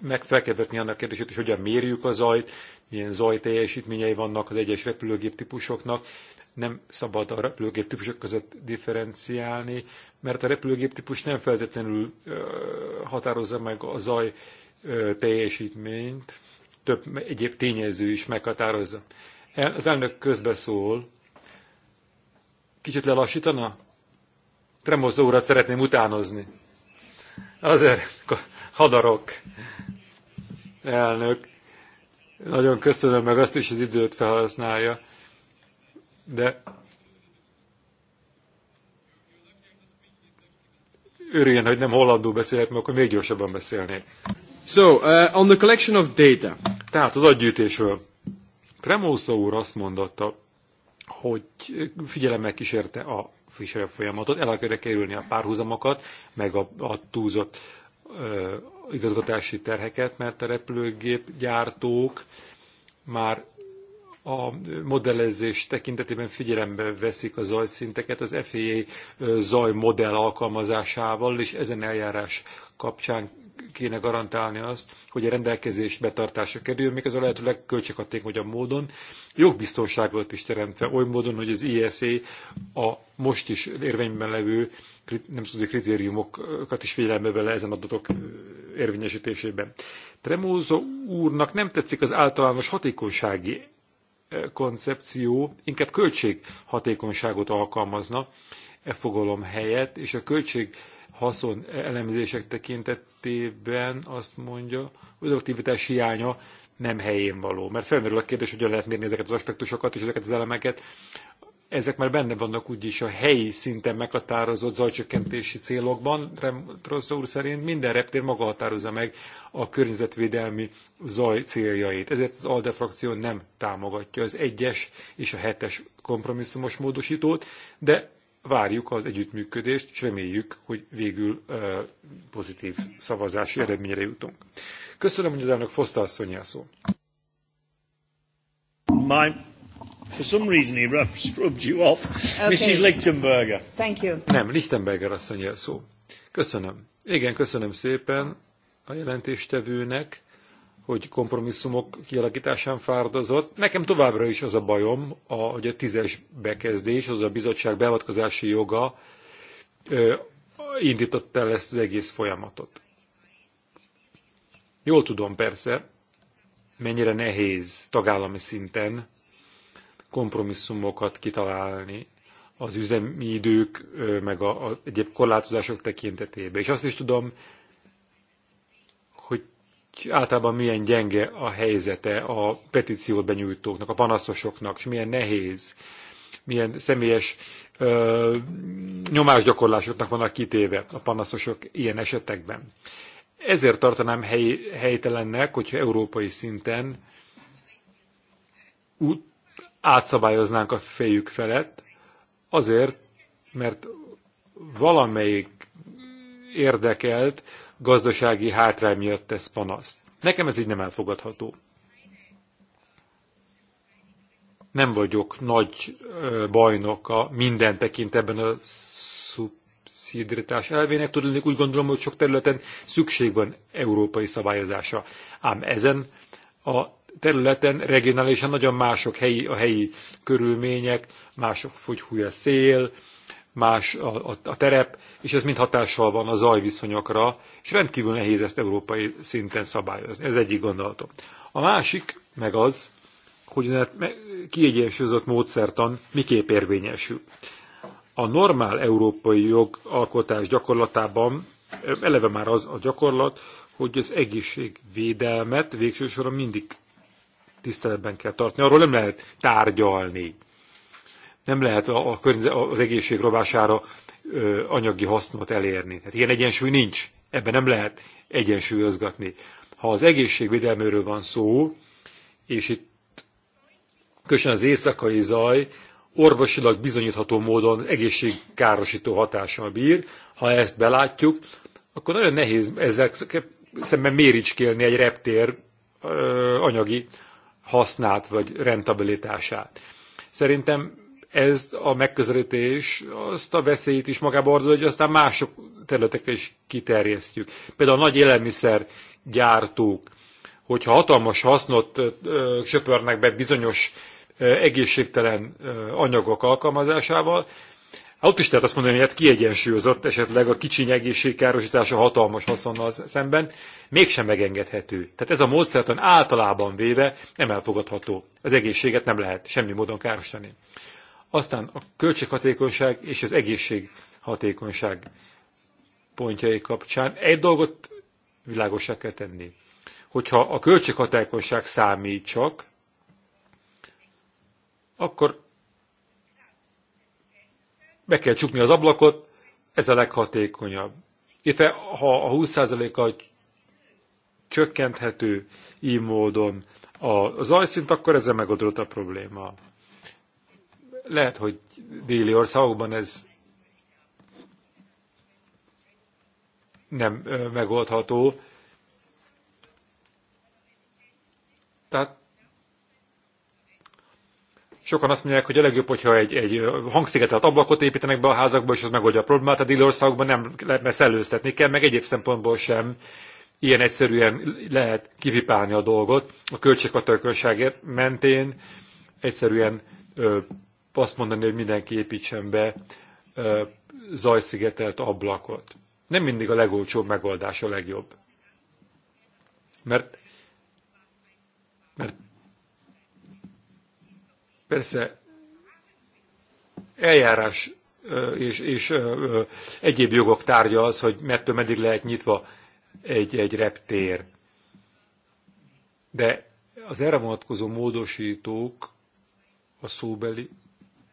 meg fel kell vetni annak kérdését, hogy hogyan mérjük a zajt, milyen zaj teljesítményei vannak az egyes repülőgép típusoknak. Nem szabad a repülőgép típusok között differenciálni, mert a repülőgép típus nem feltétlenül határozza meg a zaj teljesítményt, több egyéb tényező is meghatározza. Az elnök közbeszól, kicsit lelassítana? Tremozó urat szeretném utánozni. Azért hadarok elnök. Nagyon köszönöm meg azt is, az időt felhasználja. De örüljön, hogy nem hollandul beszélek, mert akkor még gyorsabban beszélnék. So, uh, on the collection of data. Tehát az adgyűjtésről. Tremósza úr azt mondotta, hogy figyelemmel kísérte a Fischer folyamatot, el akarja kerülni a párhuzamokat, meg a, a túlzott ö, igazgatási terheket, mert a repülőgép gyártók már a modellezés tekintetében figyelembe veszik a zajszinteket az FAA zajmodell alkalmazásával, és ezen eljárás kapcsán kéne garantálni azt, hogy a rendelkezés betartása kerül, még ez a lehető legköltséghatékonyabb módon, jogbiztonságot is teremtve, oly módon, hogy az ISA a most is érvényben levő nemzetközi kritériumokat is figyelembe vele ezen adatok érvényesítésében. Tremózo úrnak nem tetszik az általános hatékonysági koncepció, inkább költséghatékonyságot alkalmazna e fogalom helyett, és a költség haszon elemzések tekintetében azt mondja, hogy az aktivitás hiánya nem helyén való. Mert felmerül a kérdés, hogyan lehet mérni ezeket az aspektusokat és ezeket az elemeket ezek már benne vannak úgyis a helyi szinten meghatározott zajcsökkentési célokban, Rossza úr szerint minden reptér maga határozza meg a környezetvédelmi zaj céljait. Ezért az ALDE frakció nem támogatja az egyes és a hetes kompromisszumos módosítót, de várjuk az együttműködést, és reméljük, hogy végül uh, pozitív szavazási eredményre jutunk. Köszönöm, hogy az elnök Foszta asszony szó. My For some reason he rubbed you off. Okay. Mrs. Lichtenberger. Thank you. Nem, Lichtenberger asszony a szó. Köszönöm. Igen, köszönöm szépen a jelentéstevőnek, hogy kompromisszumok kialakításán fáradozott. Nekem továbbra is az a bajom, a, hogy a tízes bekezdés, az a bizottság beavatkozási joga ö, indította el ezt az egész folyamatot. Jól tudom persze, mennyire nehéz tagállami szinten kompromisszumokat kitalálni az üzemi idők, meg a, a egyéb korlátozások tekintetében. És azt is tudom, hogy általában milyen gyenge a helyzete a petíciót benyújtóknak, a panaszosoknak, és milyen nehéz, milyen személyes ö, nyomásgyakorlásoknak vannak kitéve a panaszosok ilyen esetekben. Ezért tartanám hely, helytelennek, hogyha európai szinten út, átszabályoznánk a fejük felett, azért, mert valamelyik érdekelt gazdasági hátrány miatt tesz panaszt. Nekem ez így nem elfogadható. Nem vagyok nagy bajnoka minden tekintetben a szubszidritás elvének. Tudod, úgy gondolom, hogy sok területen szükség van európai szabályozása. Ám ezen a területen regionálisan nagyon mások helyi, a helyi körülmények, mások fogyhúja szél, más a, a, a terep, és ez mind hatással van a zajviszonyokra, és rendkívül nehéz ezt európai szinten szabályozni. Ez egyik gondolatom. A másik meg az, hogy kiegyensúlyozott módszertan miképp érvényesül. A normál európai jogalkotás gyakorlatában eleve már az a gyakorlat, hogy az egészségvédelmet végső soron mindig tiszteletben kell tartani. Arról nem lehet tárgyalni. Nem lehet a, a, az egészség rovására ö, anyagi hasznot elérni. Tehát ilyen egyensúly nincs. Ebben nem lehet egyensúlyozgatni. Ha az egészségvédelméről van szó, és itt kösen az éjszakai zaj orvosilag bizonyítható módon egészségkárosító hatással bír, ha ezt belátjuk, akkor nagyon nehéz ezzel szemben méricskélni egy reptér ö, anyagi hasznát vagy rentabilitását. Szerintem ez a megközelítés azt a veszélyt is magába hordozza, hogy aztán mások területekre is kiterjesztjük. Például a nagy élelmiszer gyártók, hogyha hatalmas hasznot söpörnek be bizonyos egészségtelen anyagok alkalmazásával, Hát ott is lehet azt mondani, hogy hát kiegyensúlyozott esetleg a kicsiny egészségkárosítása hatalmas haszonnal szemben, mégsem megengedhető. Tehát ez a módszertan általában véve nem elfogadható. Az egészséget nem lehet semmi módon károsítani. Aztán a költséghatékonyság és az egészség hatékonyság pontjai kapcsán egy dolgot világosá kell tenni. Hogyha a költséghatékonyság számít csak, akkor be kell csukni az ablakot, ez a leghatékonyabb. Illetve ha a 20%-kal csökkenthető így módon a zajszint, akkor ezzel megoldott a probléma. Lehet, hogy déli országokban ez nem megoldható. Tehát Sokan azt mondják, hogy a legjobb, hogyha egy, egy hangszigetelt ablakot építenek be a házakba, és az megoldja a problémát. A déli országokban nem mert szellőztetni kell, meg egyéb szempontból sem ilyen egyszerűen lehet kivipálni a dolgot. A költségkatalkonság mentén egyszerűen ö, azt mondani, hogy mindenki építsen be ö, zajszigetelt ablakot. Nem mindig a legolcsóbb megoldás a legjobb. Mert, mert Persze eljárás és, és egyéb jogok tárgya az, hogy mettől meddig lehet nyitva egy, egy reptér. De az erre vonatkozó módosítók, a szóbeli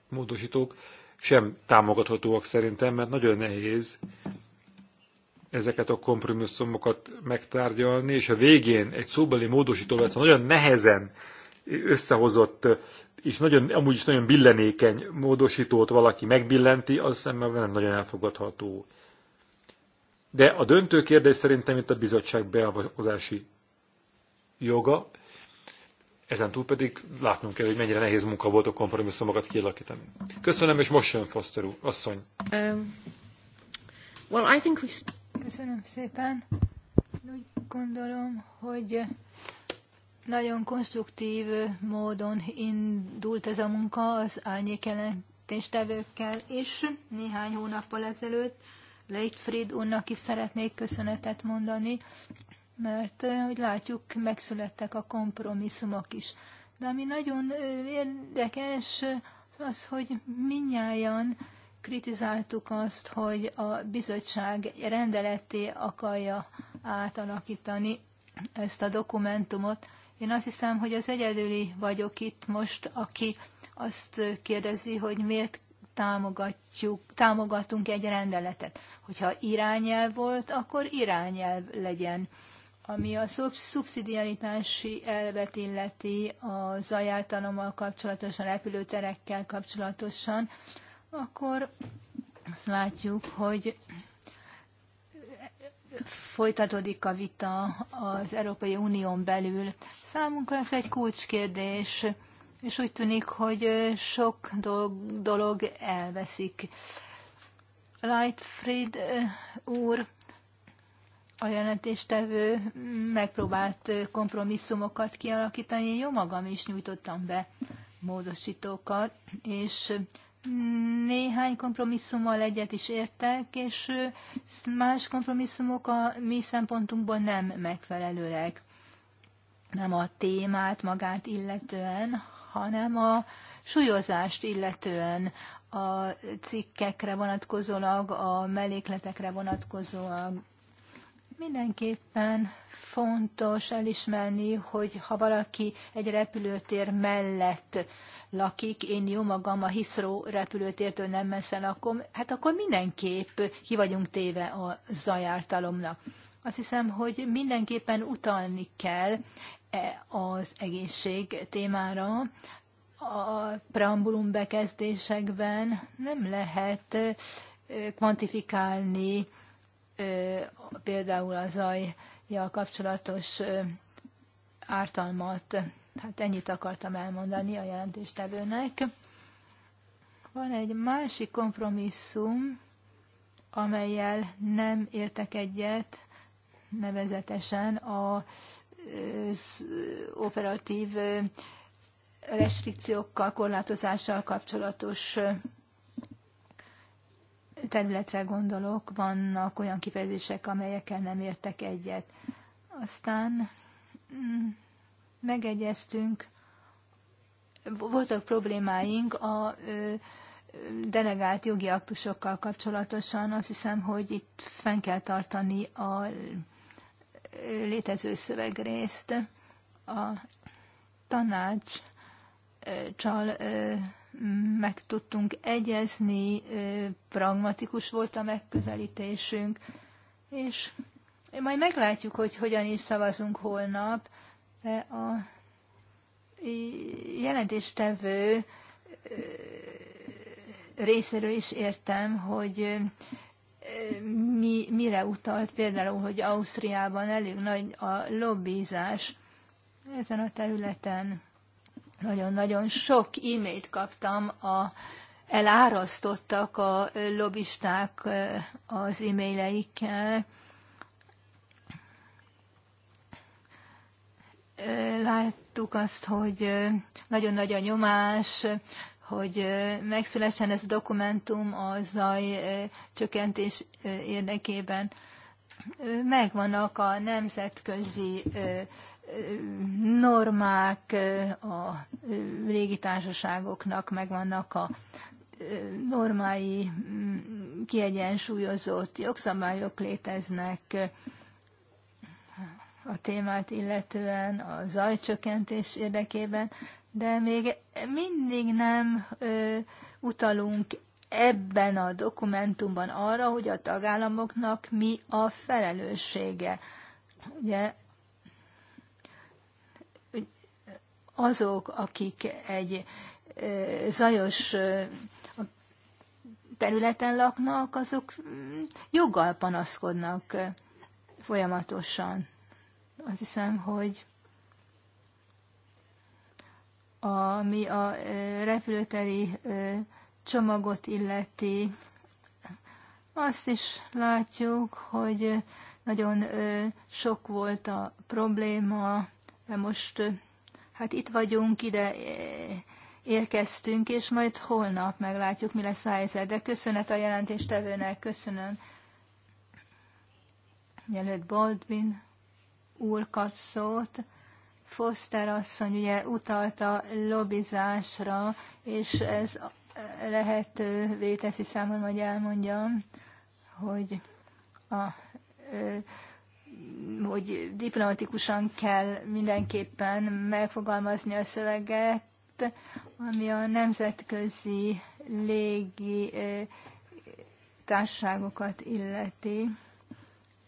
módosítók sem támogathatóak szerintem, mert nagyon nehéz ezeket a kompromisszumokat megtárgyalni, és a végén egy szóbeli módosító lesz nagyon nehezen összehozott és nagyon, amúgy is nagyon billenékeny módosítót valaki megbillenti, az szemben nem nagyon elfogadható. De a döntő kérdés szerintem itt a bizottság beavatkozási joga, ezen túl pedig látnunk kell, hogy mennyire nehéz munka volt a kompromisszumokat kialakítani. Köszönöm, és most jön Foster úr, asszony. Um, well, I think we... Köszönöm szépen. Úgy gondolom, hogy nagyon konstruktív módon indult ez a munka az árnyékjelentéstevőkkel is néhány hónappal ezelőtt. Leitfried úrnak is szeretnék köszönetet mondani, mert eh, hogy látjuk, megszülettek a kompromisszumok is. De ami nagyon eh, érdekes, az, az hogy minnyáján kritizáltuk azt, hogy a bizottság rendeleté akarja átalakítani ezt a dokumentumot. Én azt hiszem, hogy az egyedüli vagyok itt most, aki azt kérdezi, hogy miért támogatjuk, támogatunk egy rendeletet. Hogyha irányelv volt, akkor irányelv legyen. Ami a szubszidiaritási elvet illeti a zajártalommal kapcsolatosan, repülőterekkel kapcsolatosan, akkor azt látjuk, hogy folytatódik a vita az Európai Unión belül. Számunkra ez egy kulcskérdés, és úgy tűnik, hogy sok dolog elveszik. Lightfried úr, a jelentéstevő megpróbált kompromisszumokat kialakítani, én jó magam is nyújtottam be módosítókat, és néhány kompromisszummal egyet is értek, és más kompromisszumok a mi szempontunkból nem megfelelőek. Nem a témát magát illetően, hanem a súlyozást illetően, a cikkekre vonatkozólag, a mellékletekre vonatkozóan Mindenképpen fontos elismerni, hogy ha valaki egy repülőtér mellett lakik, én jó magam a Hiszró repülőtértől nem messze lakom, hát akkor mindenképp ki vagyunk téve a zajártalomnak. Azt hiszem, hogy mindenképpen utalni kell e az egészség témára, a preambulum bekezdésekben nem lehet kvantifikálni például a zajjal kapcsolatos ártalmat. Hát ennyit akartam elmondani a jelentéstevőnek. Van egy másik kompromisszum, amelyel nem értek egyet, nevezetesen a operatív restrikciókkal, korlátozással kapcsolatos területre gondolok, vannak olyan kifejezések, amelyekkel nem értek egyet. Aztán mm, megegyeztünk, voltak problémáink a delegált jogi aktusokkal kapcsolatosan. Azt hiszem, hogy itt fenn kell tartani a létező szövegrészt. A tanács csal meg tudtunk egyezni, pragmatikus volt a megközelítésünk, és majd meglátjuk, hogy hogyan is szavazunk holnap. De a jelentéstevő részéről is értem, hogy mi, mire utalt, például, hogy Ausztriában elég nagy a lobbizás ezen a területen. Nagyon-nagyon sok e-mailt kaptam, a, elárasztottak a lobisták eh, az e-maileikkel. Eh, láttuk azt, hogy eh, nagyon nagy a nyomás, hogy megszülessen ez a dokumentum a zaj csökkentés érdekében. Megvannak a nemzetközi normák a légitársaságoknak megvannak a normái mm, kiegyensúlyozott jogszabályok léteznek a témát illetően a zajcsökkentés érdekében, de még mindig nem ö, utalunk ebben a dokumentumban arra, hogy a tagállamoknak mi a felelőssége. Ugye azok, akik egy zajos területen laknak, azok mm, joggal panaszkodnak folyamatosan. Azt hiszem, hogy ami a repülőteri csomagot illeti, azt is látjuk, hogy nagyon sok volt a probléma, de most hát itt vagyunk, ide eh, érkeztünk, és majd holnap meglátjuk, mi lesz a helyzet. De köszönet a jelentéstevőnek, köszönöm. Mielőtt Baldwin úr kap szót, Foster asszony ugye utalta lobbizásra, és ez lehetővé teszi számomra, hogy elmondjam, hogy a hogy diplomatikusan kell mindenképpen megfogalmazni a szöveget, ami a nemzetközi légi társaságokat illeti.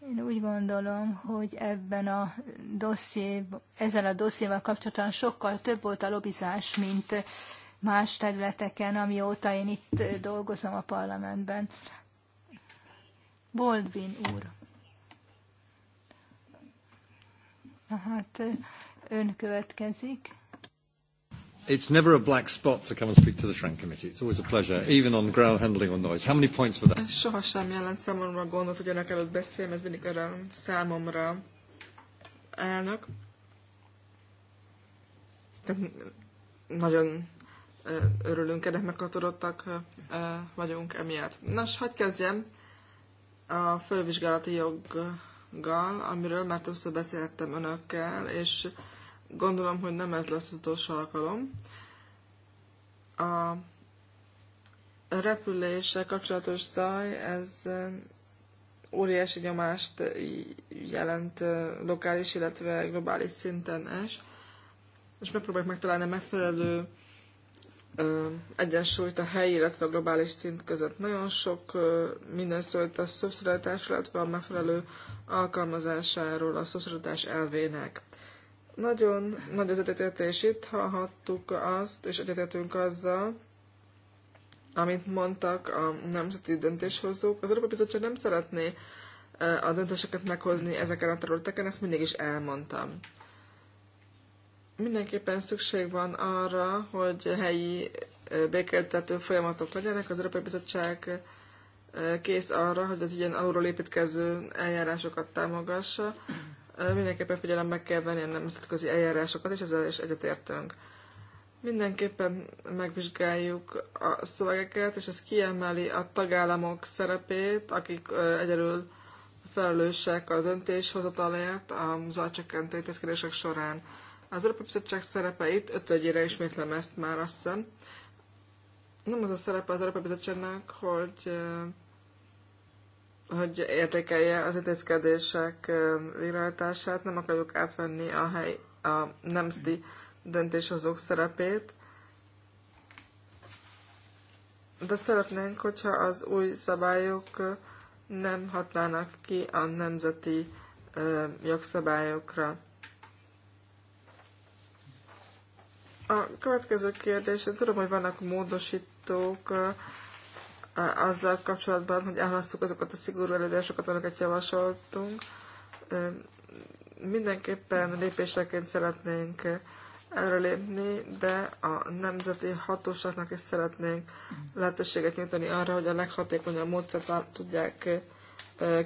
Én úgy gondolom, hogy ebben a dosszié, ezzel a dossziéval kapcsolatban sokkal több volt a lobizás, mint más területeken, amióta én itt dolgozom a parlamentben. Boldvin úr. Hát ön következik. It's never a black spot to come and speak to the Shrank Committee. It's always a pleasure, even on ground handling or noise. How many points for that? Soha sem jelent számomra gondot, hogy önök előtt beszéljem, ez mindig öröm számomra, elnök. nagyon örülünk ennek, meghatodottak vagyunk emiatt. Nos, hagyd kezdjem a fölvizsgálati jog gal, amiről már többször beszéltem önökkel, és gondolom, hogy nem ez lesz az utolsó alkalom. A repüléssel kapcsolatos zaj, ez eh, óriási nyomást jelent eh, lokális, illetve globális szinten is, és megpróbáljuk megtalálni a megfelelő egyensúlyt a helyi, illetve a globális szint között. Nagyon sok minden szólt a szubszidatás, illetve a megfelelő alkalmazásáról a szubszidatás elvének. Nagyon nagy az egyetértés itt, hallhattuk azt, és egyetértünk azzal, amit mondtak a nemzeti döntéshozók. Az Európai Bizottság nem szeretné a döntéseket meghozni ezeken a területeken, ezt mindig is elmondtam. Mindenképpen szükség van arra, hogy helyi békéltető folyamatok legyenek. Az Európai Bizottság kész arra, hogy az ilyen alulról építkező eljárásokat támogassa. Mindenképpen figyelembe kell venni a nemzetközi eljárásokat, és ezzel is egyetértünk. Mindenképpen megvizsgáljuk a szövegeket, és ez kiemeli a tagállamok szerepét, akik egyelül felelősek a döntéshozatalért a zajcsökkentő intézkedések során. Az Európai Bizottság szerepe itt, ötödjére ismétlem ezt már, azt hiszem. Nem az a szerepe az Európai Bizottságnak, hogy, eh, hogy értékelje az intézkedések eh, végrehajtását, nem akarjuk átvenni a, hely, a nemzeti döntéshozók szerepét, de szeretnénk, hogyha az új szabályok eh, nem hatnának ki a nemzeti jogszabályokra. A következő kérdés, én tudom, hogy vannak módosítók azzal kapcsolatban, hogy elhasztuk azokat a szigorú előírásokat, amiket javasoltunk. Mindenképpen lépéseként szeretnénk előlépni, de a nemzeti hatóságnak is szeretnénk lehetőséget nyújtani arra, hogy a leghatékonyabb módszert tudják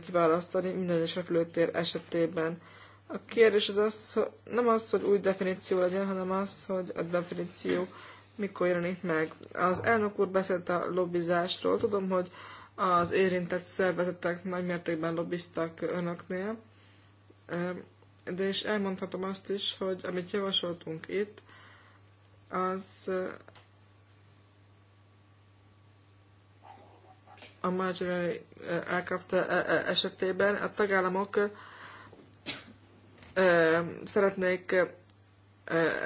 kiválasztani minden egyes repülőtér esetében a kérdés az az, hogy nem az, hogy új definíció legyen, hanem az, hogy a definíció mikor jelenik meg. Az elnök úr beszélt a lobbizásról. Tudom, hogy az érintett szervezetek nagymértékben lobbiztak önöknél, de és elmondhatom azt is, hogy amit javasoltunk itt, az a Marjorie aircraft esetében a tagállamok szeretnék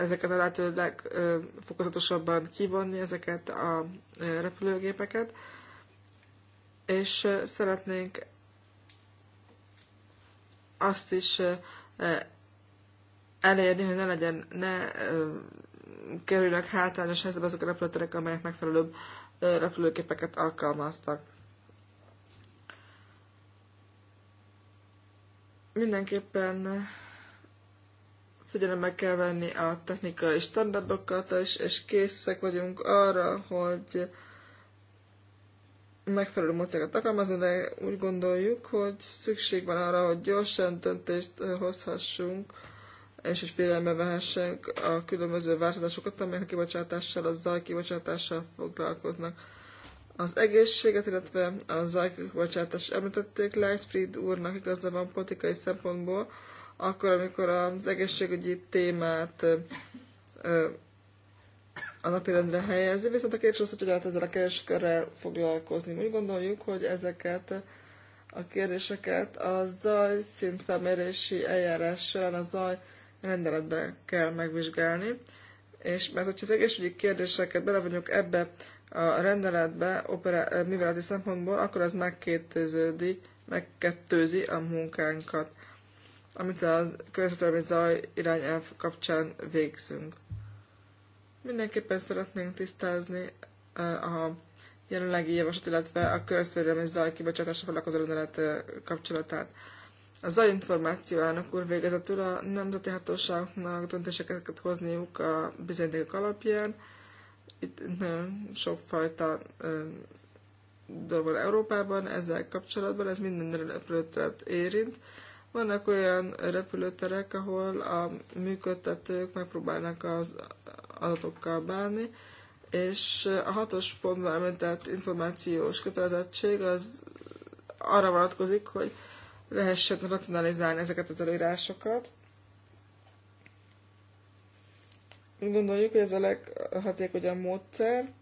ezeket a lehető legfokozatosabban kivonni ezeket a repülőgépeket, és szeretnénk azt is elérni, hogy ne legyen, ne kerülnek hátrányos helyzetbe azok a repülőterek, amelyek megfelelőbb repülőképeket alkalmaztak. Mindenképpen figyelembe kell venni a technikai standardokat, és, és készek vagyunk arra, hogy megfelelő módszereket alkalmazunk, de úgy gondoljuk, hogy szükség van arra, hogy gyorsan döntést hozhassunk, és hogy figyelembe vehessünk a különböző változásokat, amelyek a kibocsátással, a zaj kibocsátással foglalkoznak. Az egészséget, illetve a zaj kibocsátást említették Lightfried úrnak igazából van politikai szempontból, akkor, amikor az egészségügyi témát a napirendre helyezi, viszont a kérdés az, hogy lehet ezzel a kérdéskörrel foglalkozni. Úgy gondoljuk, hogy ezeket a kérdéseket a zaj szintfelmérési eljárás során a zaj rendeletben kell megvizsgálni, és mert hogyha az egészségügyi kérdéseket belevonjuk ebbe a rendeletbe opera, műveleti szempontból, akkor ez megkétőződi, megkettőzi a munkánkat amit a környezetelmi zaj irányelv kapcsán végzünk. Mindenképpen szeretnénk tisztázni a jelenlegi javaslat, illetve a környezetvédelmi zaj kibocsátása foglalkozó rendelet kapcsolatát. A zaj elnök úr végezetül a nemzeti hatóságnak döntéseket hozniuk a bizonyítékok alapján. Itt nagyon sokfajta dolog Európában ezzel kapcsolatban, ez minden területet érint vannak olyan repülőterek, ahol a működtetők megpróbálnak az adatokkal bánni, és a hatos pontban említett információs kötelezettség az arra vonatkozik, hogy lehessen racionalizálni ezeket az előírásokat. Gondoljuk, hogy ez a leghatékonyabb módszer.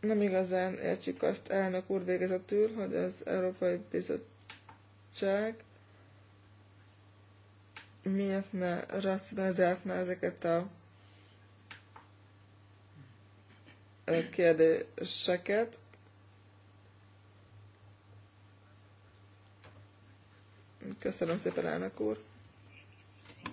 Nem igazán értjük azt elnök úr végezetül, hogy az Európai Bizottság bizottság miért ne racionalizáltna ezeket a kérdéseket. Köszönöm szépen, elnök úr!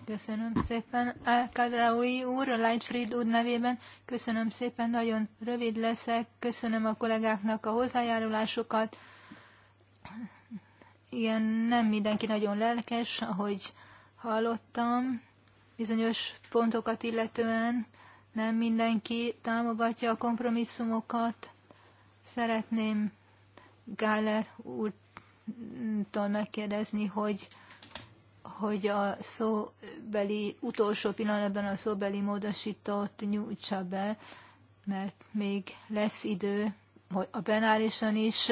Köszönöm szépen Alkadraui úr, a Lightfried úr nevében. Köszönöm szépen, nagyon rövid leszek. Köszönöm a kollégáknak a hozzájárulásokat ilyen nem mindenki nagyon lelkes, ahogy hallottam, bizonyos pontokat illetően nem mindenki támogatja a kompromisszumokat. Szeretném Gáler úrtól megkérdezni, hogy, hogy a szóbeli, utolsó pillanatban a szóbeli módosított nyújtsa be, mert még lesz idő, hogy a penálisan is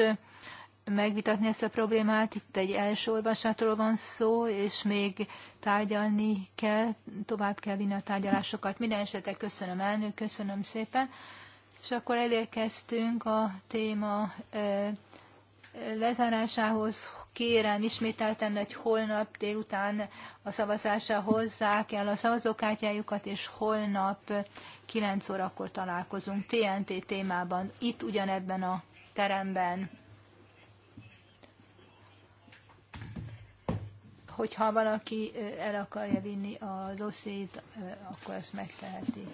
megvitatni ezt a problémát. Itt egy első olvasatról van szó, és még tárgyalni kell, tovább kell vinni a tárgyalásokat. Minden esetre köszönöm elnök, köszönöm szépen. És akkor elérkeztünk a téma lezárásához. Kérem ismételten, hogy holnap délután a szavazásra hozzák el a szavazókártyájukat, és holnap 9 órakor találkozunk TNT témában, itt ugyanebben a teremben. hogyha valaki el akarja vinni a dossziét, akkor ezt megteheti.